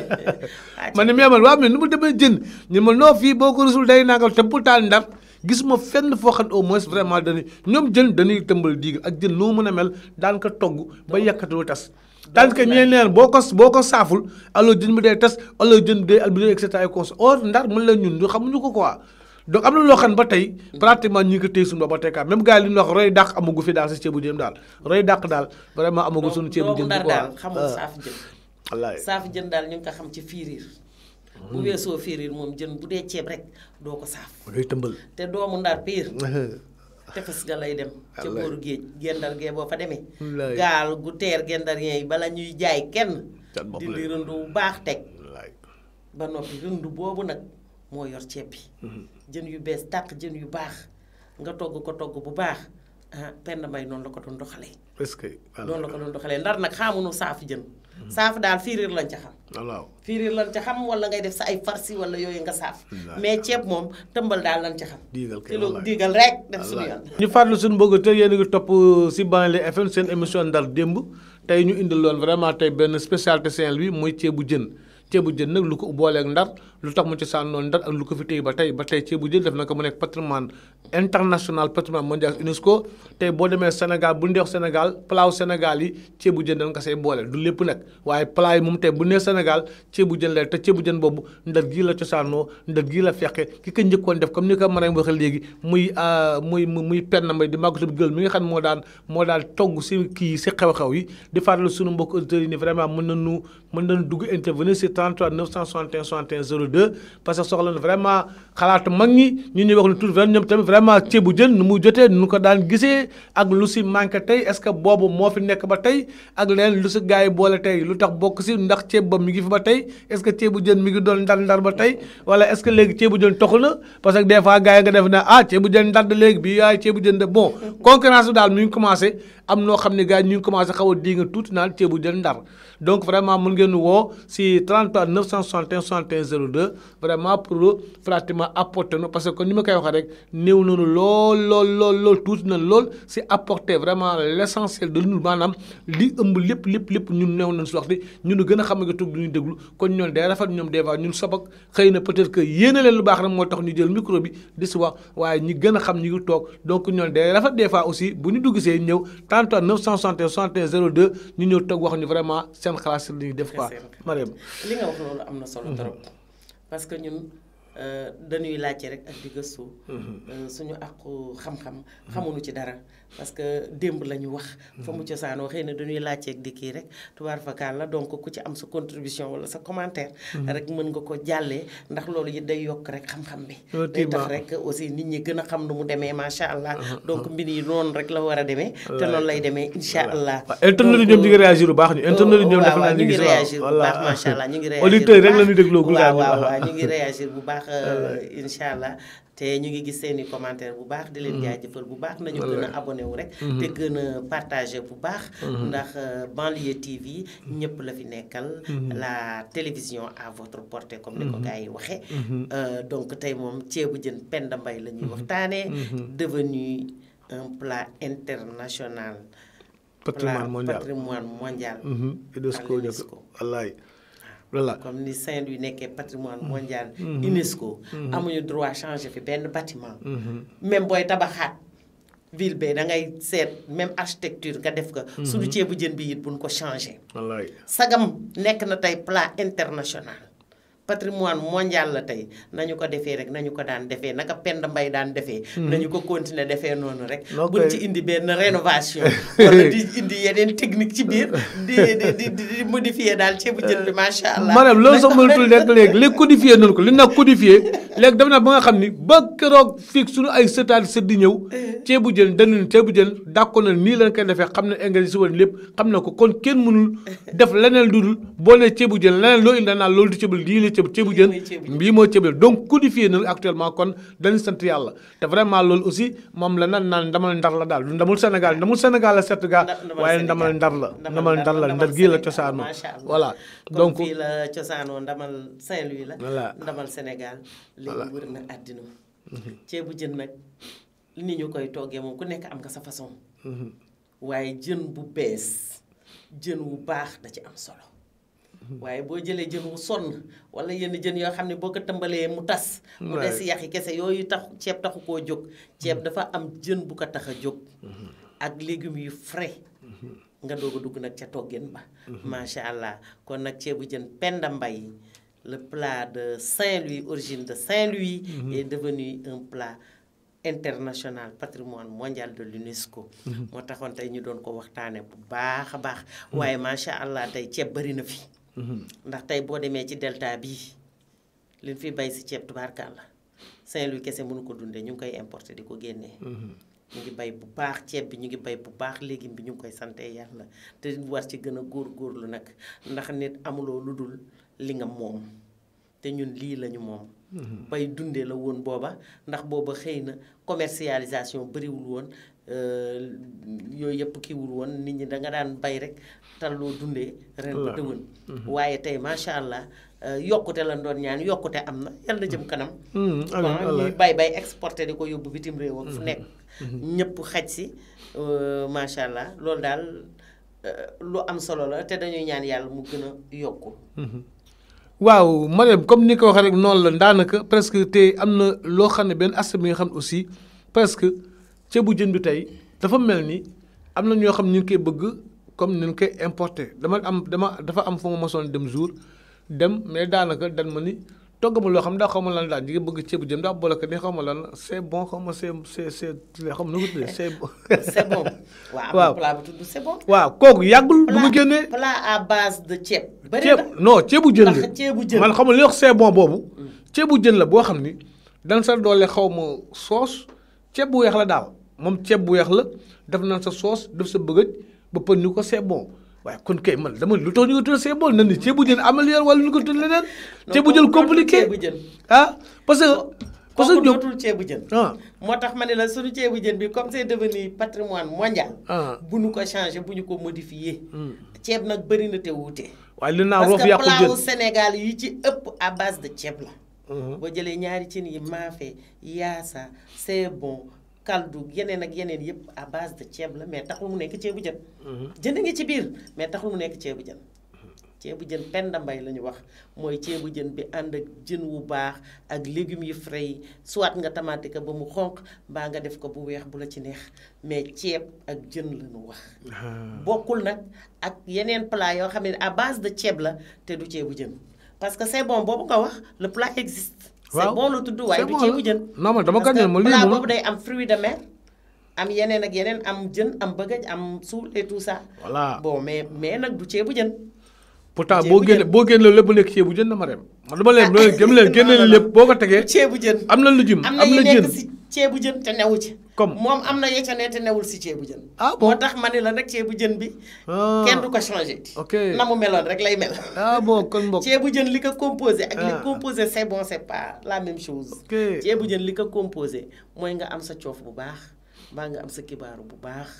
ma ne meemal waaw mais nu mu demee jën ñu ma noo fii boo ko rusul day nangal te taal ndar gis ma fenn foo xam au moins vraiment dañuy ñoom jën dañuy tëmbal diig ak jën noo mën a mel daan ko togg ba yàkkatoo tas tant que ñeen neen boo ko boo ko saaful alors jën bi day tas alors jën bi day albiré et cetera et cetera or ndar mën la ñun ñu xamuñu ko quoi donc am na loo xam ba tey pratiquement ñu ngi ko téye suñu ba tey kaa même gars yi li ñu amagu fi daal si ceebu daal roy dàq daal vraiment amagu suñu ceebu jëm bi quoi xamul ah. saaf jën wallaay saaf jën daal ñu ngi ko xam ci fiiriir bu hmm. weesoo fiiriir moom jën bu dee ceeb rek doo ko saaf day te doomu ndar piir tefes ga lay dem ca booru boo fa demee gaal gu teer gendar yi bala ñuy jaay kenn dindi rëndu bu baax teg ba noppi rëndu boobu nag moo yor ceeb bi. Mhm. jën yu bees tàq jën yu baax nga togg ko togg bu baax ah Penda Mbaye noonu la ko doon doxalee. est-ce que noonu la ko doon doxalee ndar nag xamuñu saafu jën. Mhm. saaf daal fiiriir lañ ca xam. Ah, waaw fiiriir lañ ca xam sa ay farsi wala yooyu nga saaf. mais ceeb moom tëmbal daal lañ ca xam. diigal kay diigal rek def suñu yoon. ñu fàttali suñu mbokku te yéen a ngi topp si euh, Banlieue FM seen émission Ndar démb tey ñu indiloon vraiment tey benn spécialité Saint-Louis mooy ceebu jën ceebu jën nag lu ko booleeg Ndar. lu tax mu ci saan noonu ndar ak lu ko fi téye ba tey ba tey ceebu jën def na ko mu nekk patrimoine international patrimoine mondial UNESCO tey boo demee Sénégal bu ndeex Sénégal palaaw Sénégal yi ceebu jën dañ ko boole du lépp nag waaye palaaw yi moom tey bu nee Sénégal ceebu jën lay te ceebu jën boobu ndar gii la cosaanoo ndar gii la fekke ki ko njëkkoon def comme ni ko mën a waxee léegi muy euh, muy muy penn mbay di màgg sab gël mi xam moo daan moo daan togg si kii si xew-xew yi di fàttali sunu mbokk 2 parce que soxla na vraiment xalaat mag ñi ñu ñuy wax lu tuuti vraiment ñoom tamit vraiment ceebu jën nu mu jotee nu ko daan gisee ak lu si manqué tey est-ce boobu moo fi nekk ba tey ak leneen lu si gars yi boole tey lu tax bokk si ndax ceeb ba mi ngi fi ba tey est-ce ceebu jën mi ngi doon ndar ndar ba tey wala est-ce ceebu jën toxu na parce que des fois gars nga def ne ah, ceebu jën ndar am noo xam ne gars yi xaw a dii nga tuuti naan donc vraiment mun ngeen woo si 33 961 61 02 la vraiment pour pratiquement apporter nu parce que ni ma koy waxee rek néew nañu lool lool lool lool tuuti nañ lool si apporter vraiment l' essentiel de ñun maanaam li ëmb lépp lépp lépp ñun néew nañ si waxtu ñun ñu gën a xam nga toog du ñu déglu kon ñoom day rafet ñoom des fois ñun sabak xëy na peut-être que yéene leen lu baax rek moo tax ñu jël micro bi di si wax waaye ñi gën a xam ñu ngi toog donc ñoom day rafet des fois aussi bu ñu dugg see ñëw 33 961 61 02 ñu ñëw toog wax ñu parce que ñun euh, dañuy laajte rek ak di gëstu. Mm-hmm. Euh, suñu àqu xam-xam. Mm-hmm. xamuñu ci dara. parce que démb la ñu wax. fa mu cosaanoo xëy na dañuy laajteeg di kii rek tubaar fakkaal la donc ku ci am sa contribution wala sa commentaire. Mm-hmm. rek mën nga ko jàllee ndax loolu it day yokk rek xam-xam bi. day tax rek aussi nit ñi gën a xam nu mu demee macha allah. Uh-huh. donc uh-huh. mbir yi noonu rek la war a demee. te noonu lay demee incha allah. waaw yi ñoom ñu réagir bu baax ñu. internet yi ñoom dafa ñu ngi réagir bu baax macha allah ñu ngi réagir bu baax auditeurs incha allah te ñu ngi gis seen i commentaire bu baax di leen mm-hmm. jaajëfal bu baax nañu gën a abonné wu rek mm-hmm. te gën a partagé bu baax mm-hmm. ndax euh, banlieue TV ñëpp la fi nekkal la télévision à votre portée comme ni ko gars waxe euh, donc tey moom ceebu jën Penda Mbaye la ñuy waxtaanee devenu un plat international patrimoine mondial wallaay voilà comme ni Saint-Louis nekkee patrimoine mm-hmm. mondial. Mm-hmm. UNESCO. Mm-hmm. amuñu droit changer fi benn bâtiment. même booy tabaxaat. ville be dangay ngay seet même architecture nga def ko. suñu ceebu jën bi it buñ ko changé. sagam nekk na tey plat international. patrimoine mondial la tey nañu ko defee rek nañu ko daan defee naka pend mbay daan defee. Hmm. nañu ko continuer defee noonu rek. buñ ci indi benn rénovation. wala di indi yeneen technique ci biir di di di modifier daal ceebu jën bi macha allah. maanaam loolu sax mënatul nekk léegi léegi li ñu naan codifié léegi na ba nga xam ni ba keroog fii suñu ay sëtaat sët di ñëw. ceebu jël dañu ne ceebu jël dàkkoon na nii lañ koy defee xam na engrais si woon lépp xam na ko kon kenn mënul def leneen lu dul boo nee ceebu jën leneen loo indi naan loolu du ceebu lii ceebu ceebu jën bii moo ceebu jën donc codifié na actuellement kon dañu sant yàlla te vraiment loolu aussi moom la nan naan ndamal ndar la daal ndamul Sénégal ndamul Sénégal la sett gaa waaye ndamal ndar la ndamal ndar la ndar gii la cosaanoo voilà donc fii la cosaanoo ndamal saint la voilà ndamal Sénégal léegi wër na àddina mhm. ceebu jën nag ni ñu koy toggee moom ku nekk am nga sa façon mhm. waaye jën bu bees jën wu baax da ci am solo waaye boo jëlee jën mu sonn wala yenn jën yoo xam ne boo ko tëmbalee mu tas mu des yax kese yooyu tax ceeb taxu koo jóg ceeb dafa am jën bu ko tax a jóg mm-hmm. ak légumes yu frais mm-hmm. nga doog a dugg nag ca toggeen ba mm-hmm. macha allah kon nag ceebu jën Penda Mbaye le plat de Saint-Louis origine de Saint-Louis est devenu un plat international patrimoine mondial de l'UNESCO. moo taxoon tey ñu doon ko waxtaanee bu baax a baax. waaye macha allah tey ceeb bari na fi. ndax tey boo demee ci delta bii liñ fi bay si ceeb tubaarkàlla Saint-Louis kese mënu ko dundee ñu ngi koy importer di ko génnee. ñu ngi bay bu baax ceeb bi ñu ngi bay bu baax légume bi ñu ngi koy sante yàlla te war ci gën a góor góorlu nag ndax nit amuloo lu dul li nga moom te ñun lii lañu moom. Mhm. bay dundee la woon booba ndax booba xëy na commercialisation bëriwul woon Euh, yooyu yëpp kiiwul woon nit ñi da daan bay rek talloo dundee. ren ba dëwën mhm. waaye tey macha allah euh, yokkute lan doon ñaan yokkute am na yàlla jëm kanam. Mhm, amiin bay bay exporté di ko yóbbu bitim réew ak fu mhm, nekk. ñëpp xaj si euh, macha allah loolu daal lu am solo la te dañuy ñaan yàlla mu gën a yokku. waaw Marème comme ni ko waxee rek noonu la daanaka presque te am na loo xam ne benn aspect bi nga aussi presque. ceebu jën bi tey dafa mel ni am na ñoo xam ñu ngi koy bëgg comme ñu koy importé dama am dama dafa am fu ma mosoon dem jour dem mais daanaka dan ma ni togg ma loo xam daa xaw ma lan daal ñu bëgg ceebu jën daa boole ko ni xaw ma c'est bon xaw ma c'est c'est c'est xaw ma nu ko tuddee c'est waaw bu kooku yàggul bu mu génnee. plat à base de ceeb. bëri na ceebu jën la ceebu jën xam nga li wax boobu. Mm. ceebu jën la boo xam ni dan sa doole xaw ma soos ceeb bu weex la daal. moom ceeb bu weex la def naan sa soos def sa bëgëj ba pën ni ko c'est boo waaye kon kay man dama lu tax ñu ko tuddee c'est bon nan ni ceebu jën améliorer ñu ko tuddee leneen. ceebu jën compliqué ah parce que. parce que ñoom dootul ceebu jën. Ah. moo tax ma ne la suñu ceebu jën bi comme c'est devenu patrimoine mondial. Ah. bu ñu ko changé bu ñu ko modifié. Hmm. ceeb nag bëri na te wuute. waaye li naa roof yàqu jën parce que ci ëpp à base de ceeb la. Hmm. boo jëlee ñaari cin yi maafe yaasa c'est bon. kaldu yeneen ak yeneen yëpp à base de ceeb la mais taxul mu nekk ceebu jën mhm. jën ngi ci biir mais taxul mu nekk ceebu jën ceebu jën Penda Mbaye la ñu wax mooy ceebu jën bi ànd ak jën wu baax ak légumes yu frais yi soit nga tamaate ko ba mu xonq baa nga def ko bu weex bu la ci neex mais ceeb ak jën la wax ah. bokkul nag ak yeneen plat yoo xam ne à base de ceeb la te du ceebu jën parce que bon boobu nga wax le plat existe c'est bon la tudd waaye du ceebu jën. non man dama gàññoon ma lii moom boobu day am fruit de mer. am yeneen ak yeneen am jën am bëggaj am suul et tout ça. voilà bon mais mais nag du ceebu jën. pourtant boo génne boo génne lépp nekk ceebu jën dama dem man ah. dama leen dama leen génne lépp boo ko tegee. ceebu jën am na lu jëm am na yu nekk si ceebu jën te newu ci. comme moom am na yecca ne te newul si ceebu jën. ah moo tax ma la nag ceebu jën bi. Ah. kenn du ko changé. ok na mu meloon rek lay mel. ah bon kon mbokk ceebu jën li ko composé. ak li ah. composé pas la même chose. ceebu jën li ko composé mooy nga am sa coof bu baax mbaa nga am sa kibaaru bu baax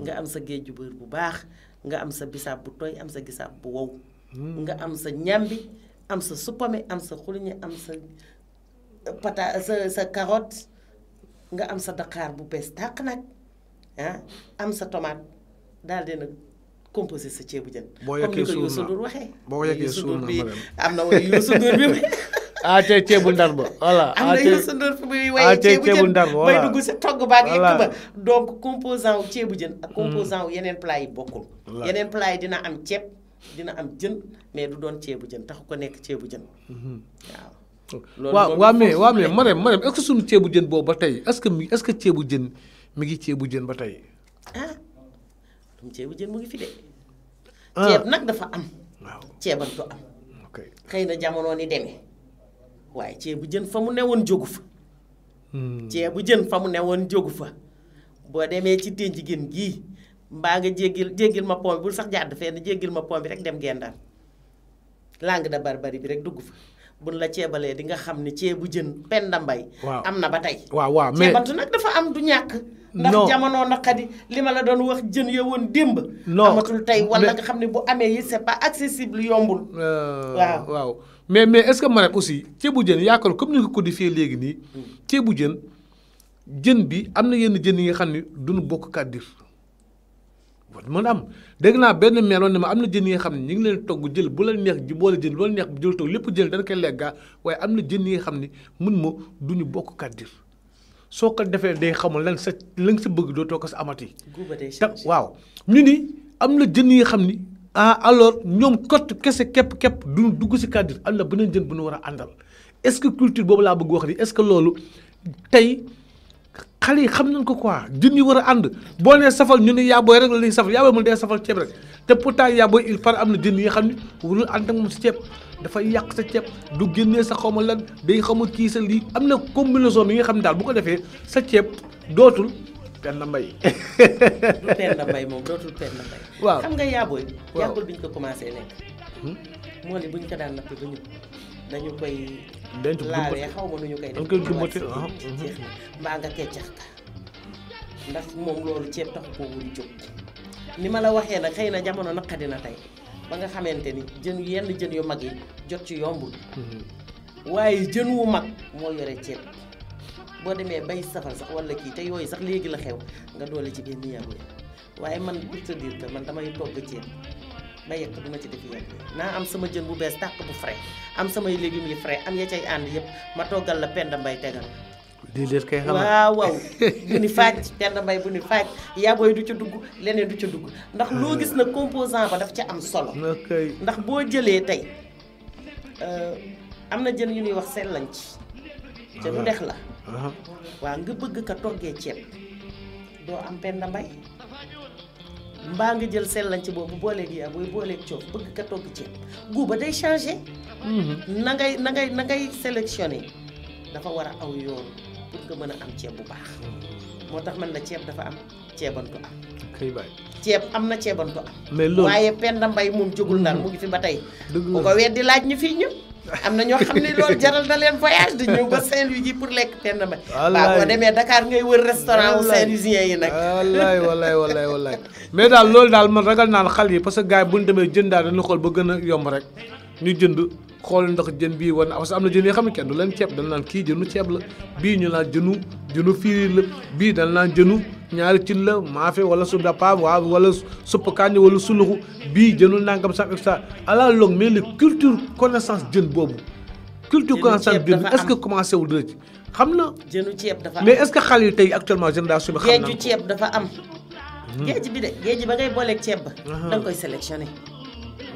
nga am sa géeju bër bu baax nga am sa bisaab bu tooy am sa gisaab bu wow. Hmm. nga am sa ñambi am sa suppame am sa xuliñe am sa pata sa sa carotte. nga am sa daqaar bu bees tàq nag ah, am sa tomate daal de nag composé sa ceebu jën. boo yeggee suur na comme waxee. boo yeggee am na wala Youssou Ndour bi. Ah, ba voilà. am ah, na Youssou Ndour fi muy waaye ceebu ndar bay dugg si togg ba ak yëkk ba donc composant wu ceebu jën. ak hmm. composant wu yeneen plat yi bokkul. yeneen plat yi dina am ceeb dina am jën mais du doon ceebu jën tax ko nekk ceebu jën hmm. waaw. loolu waaw waaw mais waaw mais Marème Marème est ceebu jën boobu ba tey est ce que ce que ceebu jën mu ngi ceebu jën ba tey. Ah, ceebu jën mu ngi fi ah. ceeb nag dafa am. waaw ceebantu am. xëy na jamono ni demee waaye ceebu jën fa mu newoon jógu fa. Hmm. ceebu jën fa mu newoon jógu fa boo demee ci denc gën gii mbaa nga jéggil jéggil ma pom bul sax jàdd fenn jéggil ma pom bi rek dem gendal langue de barbarie bi rek dugg fa. buñ la ceebalee di nga xam ne ceebu jën Penda Mbay am na ba tey waaw waaw mais ceebant nag dafa am du ñàkk ndax jamono naqadi li ma la doon wax jën ya woon démb amatul tey wala nga xam ne bu amee yi c'est pas accessible yombul euh, waaw waaw mais mais est-ce que ma rek aussi ceebu jën yaakaar comme ni nga ko codifié léegi nii hmm. ceebu jën jën bi am na yenn jën yi nga xam ne duñu bokk kàddir mën am dégg naa benn meloon ne ma am na jën yi xam ne ñu ngi leen togg jël bu la neex ji boole jën loolu neex jël togg lépp jël dana koy lekk gaa am na jën yi nga xam ne mun ma duñu bokk kàddir soo ko defee day xamul lan sa lan sa bëgg doo too ko sa amati. te waaw ñu ni am na jën yi nga xam ni ah alors ñoom kott kese képp képp duñu dugg si kàddir am na beneen jën bu nu war a àndal est-ce que culture boobu laa bëgg wax ni est-ce que loolu tey. xale yi xam nañ ko quoi jën yi war a ànd boo nee safal ñu ne yaabooy rek la ñuy safal yaabooy mu dee safal ceeb rek te pourtant yaabooy il par am na jën yi nga xam ne warul ànd ak moom si ceeb dafay yàq sa ceeb du génnee sa xaw ma lan ba xaw ma kii sa lii am na combinaison yi nga xam ne daal bu ko defee sa ceeb dootul penn mbay. du moom dootul penn mbay. waaw xam nga yaabooy. waaw yàggul bi ñu ko commencé lekk. Hmm? moo ne bu ñu ko daan dañu koy. denc laalee xaw ma nu ñu koy dem dañ koy jeex ah. na mbaa nga keccax ka ndax moom loolu ceeb tax koo wul jóg ni ma la waxee nag xëy na jamono naqadi na tey ba nga xamante ni jën yenn jën yu mag yi jot ci yombul. Mm-hmm. waaye jën wu mag moo yore ceeb boo demee bay safar sax wala kii te yooyu sax léegi la xew nga doole ci benn yàggu waaye man pour te dire que man damay togg ceeb. ba yekk du ma ci def yekk naa am sama jën bu bees tàq bu frais am samay légumes yi frais am ya cay ànd yëpp ma toggal la Penda Mbaye tegal di leen koy xamal waaw bu ni fàcc Penda du ca dugg leneen du ca dugg ndax loo gis na composant ba daf ca am solo ndax boo jëlee tey euh, am na jën yu ñuy wax seen lañ ci ca du dex la waaw nga bëgg ka toggee ceeb doo am Penda mbaa nga jël sellañ ci boobu booleeg yaa booy booleeg coof bëgg ka togg ceeb guuba day changé mhm. na ngay nangay ngay na ngay dafa war a aw yoon pour nga mën a am ceeb bu baax mhm. moo tax man na ceeb dafa am ceebantu am kay ceeb am na ceebantu am mais loolu waaye Penda mbay moom jógul ndar mu ngi fi ba tey bu ko weddi laaj ñu fii ñu am na ñoo xam ne loolu jaral na leen voyage di ba Saint-Louis gi pour lekk tenn ma baa boo demee Dakar ngay wër restaurant Saint-Louisien yi nag wallaay wallaay wallaay wallaay mais daal loolu daal ma ragal naan xal yi parce que gars bu ñu demee jënd daal dañu xool ba gën a yomb rek ñu jënd xool ndox jën bii war na parce que am na jën yoo xam ne kenn du leen ceeb dañ naan kii jënu ceeb la bii ñu naan jënu jënu firi la bii dañ naan jënu ñaari cin la maafe wala su dapaam waa wala supp kaani wala suluxu bii jënu nangam sax et cetera à la longue mais le culture connaissance jën boobu. culture connaissance jën est-ce que commencé wu dina xam na jënu ceeb dafa am mais est-ce que xale yi tey actuellement génération bi. xam na géeju ceeb dafa am. Hmm. bi de géej ba ba. da nga koy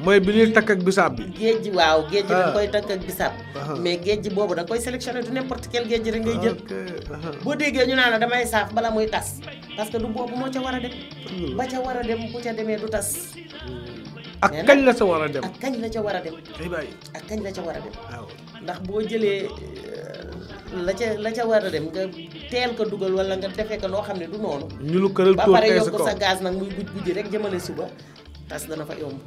mooy bi ñuy takk ak bisaab bi géej waaw géej ah. da nga koy takk ak bisaab ah. mais géej boobu da nga koy sélectionné du n'importe quel géej rek ngay jël ah. boo déggee ñu naan la damay saaf bala muy tas parce que du boobu moo ca war a dem hmm. ba ca war a dem bu ca demee du tas hmm. ak kañ la ca war a dem ak kañ la ca war a dem ak kañ la ca war a dem ndax boo jëlee euh, la ca la ca war a dem nga teel ko dugal wala nga defee ko noo xam ne du noonu ñu lu këral ba a yokk sa gaz nag muy guj guji rek jëmale suba tas dana fa yomb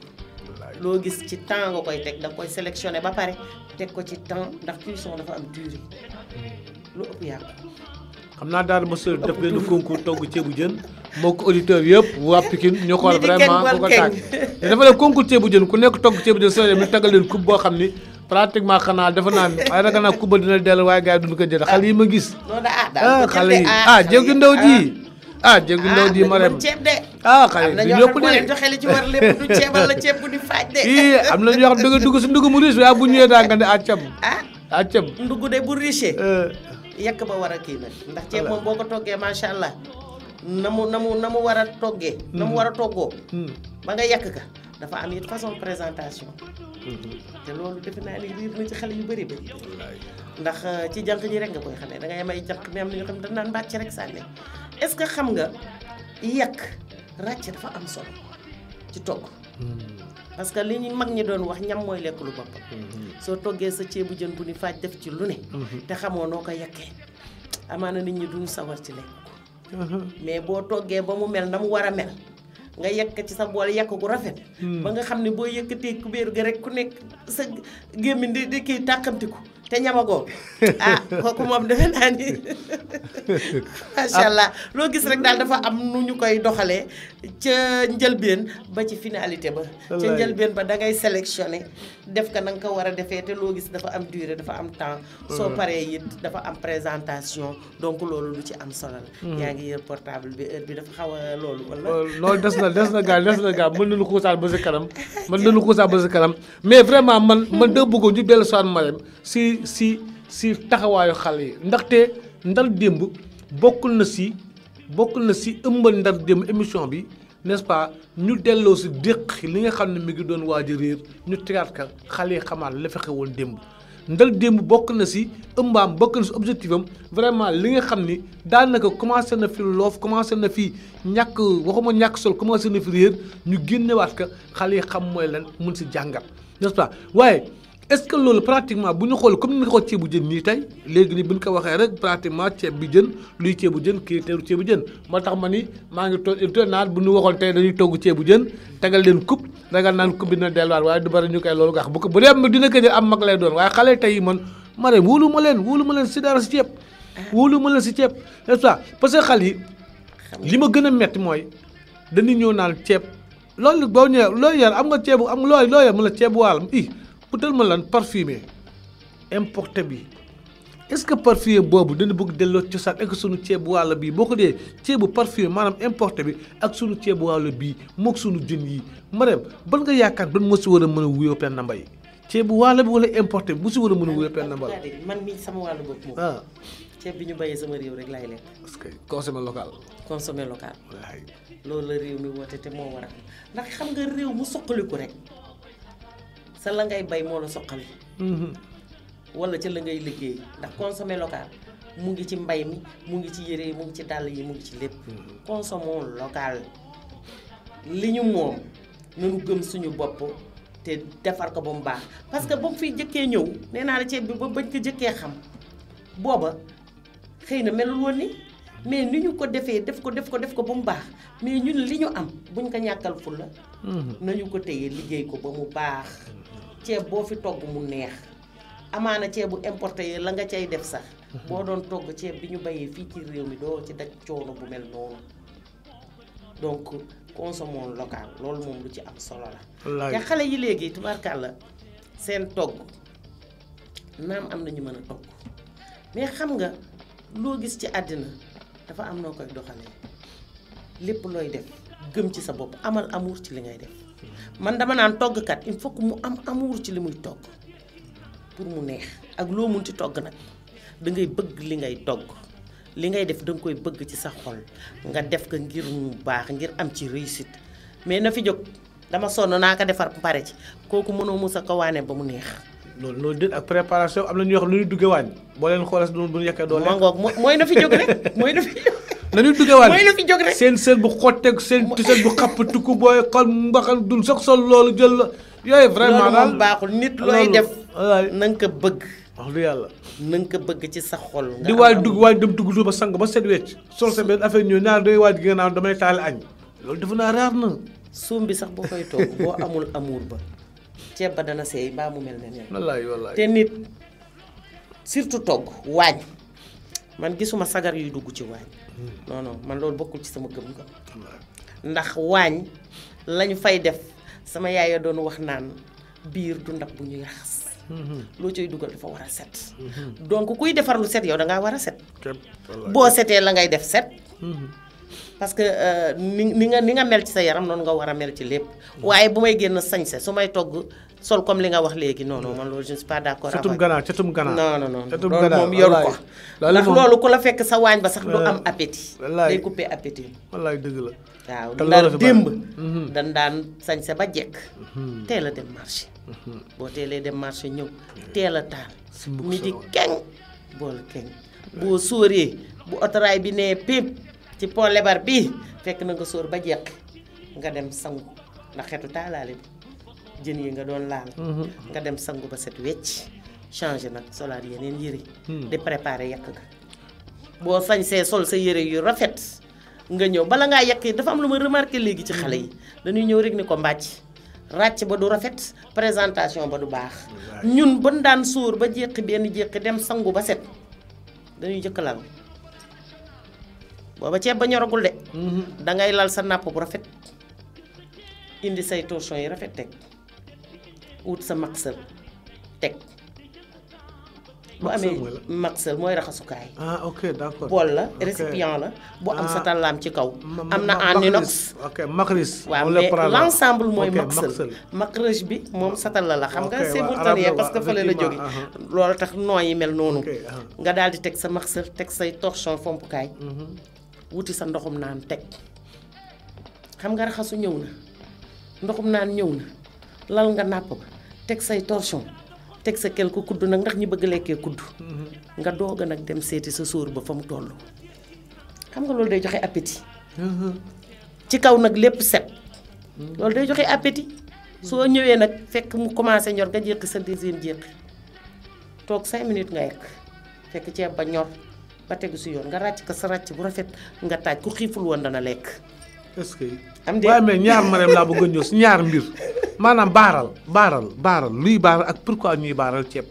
loo gis ci temps nga koy teg da koy sélectionné ba pare teg ko ci temps ndax cuisson dafa am durée hmm. lu ëpp yàqu. xam naa daal monsieur def benn concours ceebu jën moo ko auditeur yëpp waa Pikine ñu vraiment ku ko tàgg te dafa concours ceebu jën ku nekk togg ceebu jën soo demee taggal leen coupe boo xam ni pratiquement xanaa dafa naan waaye nag xanaa ba dina dellu waaye gars yi duñu ko jël xale yi ma gis. Ah, ah, ah, ah xale yi ah jéegu ndaw ji. ah jéegu ndaw ah, di ma dem ceeb de ah xale du yokku de joxe li ci war lépp du ceebal la ceeb bu di faaj de am na ñoo xam bu ñëwee daa nga ne ah ceeb ah ah ceeb ndugg de bu riche eh. yekk ba war a kii nag ndax ceeb boo ko toggee macha allah na mu na mu na mu war a na mu hmm. war a toggoo hmm. ba nga yekk ka dafa am it façon présentation hmm. te loolu defe naa ni riir na ci xale yu bëri ndax eh, ci jànq ñi rek nga koy xamee da ngay may jànq mais am na ñoo xam ne dañ naan mbàcc rek sànni est-ce que xam nga yàq ràcc dafa am solo ci togg hmm. parce que li ñu mag ñi doon wax ñam mooy lekk lu bopp hmm. soo toggee sa ceebu jën bu ni faaj def ci lu ne hmm. te xamoo noo ko yàqee amaana nit ñi duñu sawar ci lekk mais boo toggee ba mu mel na mu war a mel nga yekk ci sa bool yekk gu rafet ba nga xam ne boo yëkkatee kubéer gi rek ku nekk sa gémmiñ di di kii tàkkamtiku te ñamagoo ah kooku moom defe naa ni macha ah. allah loo gis rek daal dafa am nu ñu koy doxalee ca njëlbeen ba ci finalité ba. ca njëlbeen ba da ngay sélectionné def ko na ko war a defee te loo gis dafa am durée dafa am temps. Mm. soo paree it dafa am présentation donc loolu lu ci am solo la. Mm. yaa ngi yor portable bi heure bi dafa xaw a loolu. wala loolu des na des na gaa des na gaa mën nañu xuusaan ba sa kanam mën nañu xuusaan ba sa kanam mais vraiment man man mm. si si taxawaayu xale yi ndaxte ndar démb bokkul na si bokkul na si ëmbal ndar démb émission bi n'est-ce pas ñu delloo si déq li nga xam ne mi ngi doon waaj a réer ñu tegaat ka xale yi xamaat la fa xewoon démb ndar démb bokk na si ëmbaam bokk na si objectif am vraiment li nga xam ni daanaka commencé na fi loof commencé na fi ñàkk waxuma ñàkk sol commencé na fi réer ñu génnewaat ka xale yi xam mooy lan mun si jàngat nest pas waaye est-ce que loolu pratiquement bu ñu xool comme ni nga ko ceebu jën nii tey léegi nii bu ñu ko waxee rek pratiquement ceeb bi jën luy ceebu jën critère ceebu jën moo tax ma ni maa ngi toog il naat bu nu waxoon tey dañuy togg ceebu jën tegal leen coupe ragal naan coupe bi dina delluwaat waaye du bari ñu koy loolu wax bu ko bu dee dina am mag lay doon waaye xale tey man ma ne wóolu ma leen wóolu ma leen si dara si ceeb. wóolu ma leen si ceeb nest que xal yi li ma gën a métti mooy dañuy ñëw naan ceeb loolu boo ñëwee looy yar am nga ceebu am looy looy yar mu la ceeb waal i utal ma lan parfumé importé bi est-ce que parfumé boobu dana bëgg delloo cosaan ak sunu ceebu wàll bii boo ko dee ceebu parfumé maanaam importé bi ak sunu ceebu wàll bii moog sunu jën yi ma dem nga yaakaar ban moo si war a mën a wuyoo Penda Mbaye ceeb bu waalo bi wala bu si war a mën a wuyoo Penda Mbaye man mii sama wàllu bopp moom ah ceeb bi ñu béyee sama réew rek laay lekk parce que consommé local consommé local loolu la réew te moo war ndax xam nga réew mu soqaliku rek sa la ngay bay moo la soqali mm-hmm. wala ca la ngay liggéey ndax consommer local mu ngi ci mbay mi mu ngi ci yére yi mu ngi ci dàll yi mu ngi ci lépp mm-hmm. consommons local li ñu moom nanu gëm suñu bopp te defar ko ba mu baax parce que ba mu fiy jëkkee ñëw nee naa la ceeb bi ba bañ ko jëkkee xam booba xëy na melul woon ni mais ni ñu ko defee def ko def ko def ko ba mu baax mais ñun li ñu am buñ ko ñàkkal fulla mm-hmm. nañu ko téye liggéey ko ba mu baax ceeb boo fi togg mu neex amaana ceebu importé yi la nga cay def sax mhm. boo doon togg ceeb bi ñu bayee fii ci réew mi doo ci daj coono bu mel noonu donc consommons local loolu moom lu ci am solo la te xale yi léegi tubaarkàlla seen togg naam am na ñu mën a togg mais xam nga loo gis ci àddina dafa am noo koy doxalee lépp looy def gëm ci sa bopp amal amour ci li ngay def man dama naan toggkat il faut mu am amuur ci li muy togg pour mu neex ak loo mun ci togg nag da ngay bëgg li ngay togg li ngay def da nga koy bëgg ci sa xol nga def ko ngir mu baax ngir am ci réussite mais na fi jóg dama sonn naa ko defar pare ci kooku mënoo mos a ko waane ba mu neex. loolu loolu déet ak préparation am na ñuy wax lu ñuy duggee waañ boo leen xoolee si noonu bu ñu yekkee doo leen. moo mooy na fi jóg rek mooy na fi nañu duggewaal mooy la fi jóg seen seen bu xotteeg seen tiseen bu xapp tukku booy xol mbaxal dul sax sol loolu jël la yooyu vraiment daal baaxul nit looy def na nga ko bëgg wax lu yàlla na nga ko bëgg ci sa xol di waaj dugg waaj dem dugg suba ba set wecc sol sa benn affaire ñëw naan day waaj gi nga damay taal añ loolu defe naa raar na suum bi sax boo koy toog boo amul amuur ba ceeb ba dana seey mbaa mu mel ne neen wallaay wallaay te nit surtout togg waaj man gisuma sagar yuy dugg ci waañ hmm. non man loolu bokkul ci sama gëm gëm ndax waañ lañu fay def sama yaay yaaya doon wax naan biir du ndab bu ñuy raxas hmm. loo cay dugal dafa war a set hmm. donc kuy defar lu set yow dangaa war a set boo setee la ngay def set parce que euh, ni ni nga ni nga mel ci sa yaram noonu nga war a mel ci lépp waaye bu may génn sañse su may togg sol comme li nga wax léegi non non man loolu je ne suis pas d' accord. catum ganaar catum ganaar non non non. catum ganaar loolu moom yoru ko. ndax loolu ku la fekk sa waañ ba sax du am appétit. day coupé appétit. wallaay dëgg la. waaw ndax démb. Mhm. dañ daan sañse ba jekk. Mhm. teel a dem marché. Mhm. boo teelee dem marché ñëw teel a taal. midi keng bool keng boo sóoree bu otoraay bi nee pép ci pont lebar bi fekk na nga sóor ba jeex nga dem sangu ndax xetu taalaale bi. jën yi nga doon laal mhm. nga dem sangu ba set wecc changé nag solaat yeneen yére hmm. di préparé yàq ga boo sañ see sol sa yére yu rafet nga ñëw bala ngaa yàq dafa am lu ma remarqué léegi ci xale yi hmm. dañuy ñëw rek ni ko mbàcc ràcc ba du rafet présentation ba du baax ñun ban daan sóor ba jéqi benn jéqi dem sangu ba set dañuy jëkk lal booba ceeb ba ñoragul de mhm. dangay lal sa nàpp bu rafet indi say torchon yi rafet teg wut sa maxsal teg. bu amee maxsal mooy raxasukaay. ah ok d'accord bool la récipient la bu am ah. sa tàllaam ci kaw. am na en inox ok maxris waaw mais l'ensemble mooy maxsal maxrëj bi moom satal la la xam nga c'est bourtalien parce que fële la jóge uh-huh. loolu tax noo yi mel noonu uh-huh. nga daal di teg sa maxsal teg say torchon fompukaay mm-hmm. wuti sa ndoxum naan teg xam nga raxasu ñëw na ndoxum naan ñëw na lal nga nàpp teg say torchon teg sa quelque kudd nag ndax ñi bëgg lekkee kudd mm-hmm. nga doog a nag dem seeti sa sóor ba fa mu toll xam nga loolu day joxe appétit mm-hmm. ci kaw nag lépp set mm-hmm. loolu day joxe appétit soo ñëwee nag fekk mu commencé ñor nga jéqi sa deuxième jéqi toog cinq minutes nga yekk fekk ceeb ba ñor ba tegu si yoon nga ràcc ko sa ràcc bu rafet nga taaj ku xiiful woon dana lekk est-ce que waaye mais ñaar Marème laa bëggoon ñëw si ñaar mbir maanaam baaral baaral baaral luy baaral ak pourquoi ñuy baaral ceeb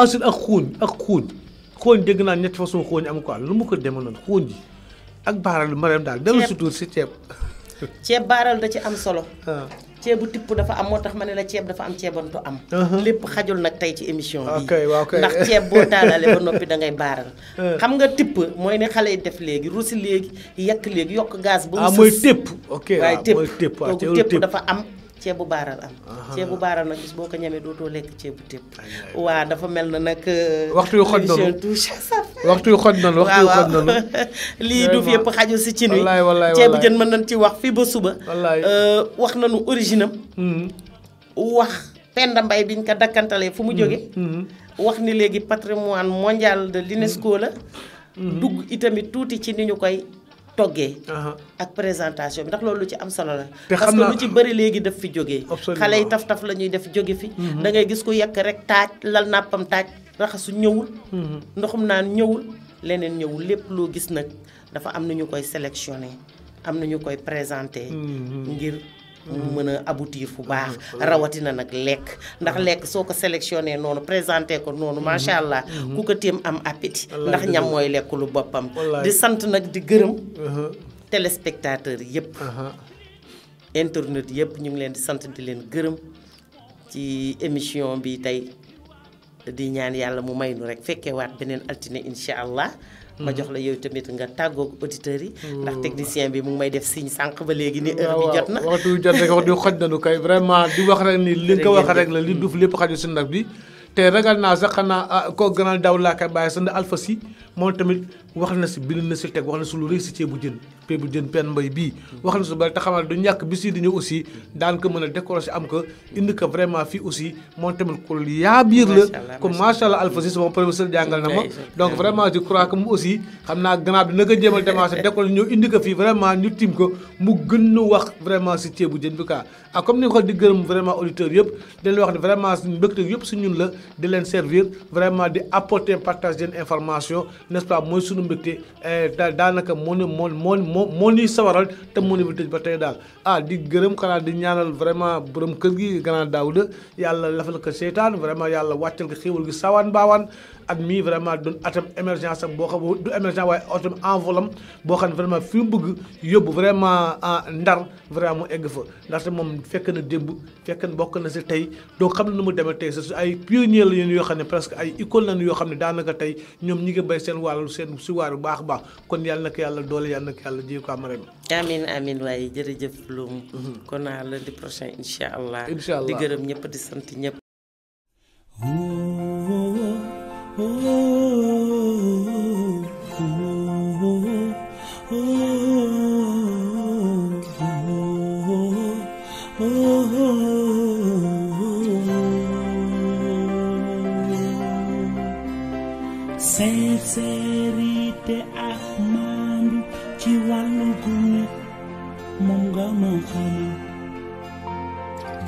ensuite ak xooñ ak xooñ xooñ dëgg naa ñetti façon xooñ am quoi lu mu ko demoon noonu xooñ ji ak baaral Marème daal dellu si tuur si ceeb ceeb baaral da ci am solo ah. ceebu tipp dafa am moo tax ma ne la ceeb dafa am ceebantu am. Uh-huh. lépp xajul nag tey ci émission bi. ndax ceeb boo taalalee ba noppi da ngay baaral. Uh-huh. xam nga tipp mooy ne xale yi def léegi rusi léegi yekk léegi yokk gaz. ba mu ah, sës mooy tipp ok waaw mooy tipp dafa am. ceebu baaral am uh-huh. ceebu baaral nag bis boo ko ñamee dootoo lekk ceebu tépp waa dafa mel na nag euh, waxtu yu xoj noonu touche sa waxtu yu xoj nañu waxtu lii du fi yëpp xajul si cin wi ceebu jën mën nañ ci wax fii ba suba euh, wax nañu origine am hmm. wax Penda Mbaye biñ ko dakkantalee fu mu hmm. jóge hmm. wax ni léegi patrimoine mondial de l'UNESCO la dugg itamit tuuti ci ni ñu koy toggee ak présentation bi ndax loolu lu ci am solo la parce que lu ci bëri léegi daf fi jógee xale yi taf taf la ñuy def jóge fi da ngay gis ku yekk rek taaj lal nàppam taaj raxasu ñëwul. Mhm. ndoxum naan ñëwul leneen ñëwul lépp loo gis nag dafa am na ñu koy sélectionné am na ñu koy présenté. Mhm. ngir mu mhm. mën a aboutir fu baax. rawatina nag lekk ndax lekk soo ko sélectionné noonu présenté ko noonu macha allah. ku ko téem am appétit. ndax ñam mooy lekk lu boppam. sant nag di gërëm. Uh-huh. téléspectateurs yëpp. Uh-huh. internet yëpp ñu ngi leen di sant di leen gërëm ci émission bi tey. di ñaan yàlla mu may nu rek fekkewaat beneen altine incha allah. ma jox la yow tamit nga tàggook auditeurs yi. ndax technicien bi mu ngi may def signe sànq ba léegi ni heure jot na. waxtu jot rek wax di xoj nañu kay vraiment di wax rek ni li nga wax rek la li duuf lépp xaju si ndab bi. te ragal naa sax xanaa koo gënal daw laa koy bàyyi sa alpha si moom tamit wax na si bind na si teg wax na si lu réy si ceebu jën. pé bu jën pen mbay bii wax na su bari te du ñàkk bis yi ñëw aussi daan ko mën a décroché am ko indi ko vraiment fii aussi moom tamit ku yaa la ko macha allah Alpha Cissé jàngal na ma donc vraiment je crois mu aussi xam naa gannaaw bi na ko jéemal démarché décroché indi ko fii vraiment ñu tim ko mu gën nu wax vraiment si ceebu jën bi quoi ah comme ni nga di gërëm vraiment auditeurs yëpp di wax ne vraiment suñu mbégte yëpp su moo moo ñuy sawaral te moo ñu fi tëj ba tey daal ah di gërëm xanaa di ñaanal vraiment borom kër gi daaw Daouda yàlla lafal ko seytaan vraiment yàlla wàccal ko xéewal gi sawaan baawaan at mii vraiment doon atam émergence am boo xam du émergence waaye atam envolam boo xam ne vraiment fi mu bëgg yóbbu vraiment ndar vraiment mu egg fa ndaxte moom fekk na démb fekk na bokk na si tey donc xam na nu mu demee tey c'est ay pionniers la yoo xam ne presque ay école lañu yoo xam ne daanaka tey ñoom ñi ngi béy seen wàllu seen si waar bu baax baax kon yàlla na ko yàlla doole yàlla na yàlla ji ko am ren amin amin waaye jërëjëf Loum mhm. kon à lundi prochain incha allah incha allah di gërëm ñëpp di sant ñëpp sincérité ak maandu ci wàllu gu ne moom nga ma xame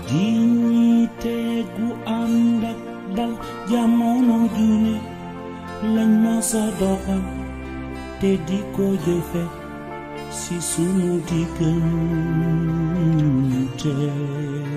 dignité gu ànd ak dal jamono ju ne lañ ma sa doxal te di ko jëfe si sunu diggante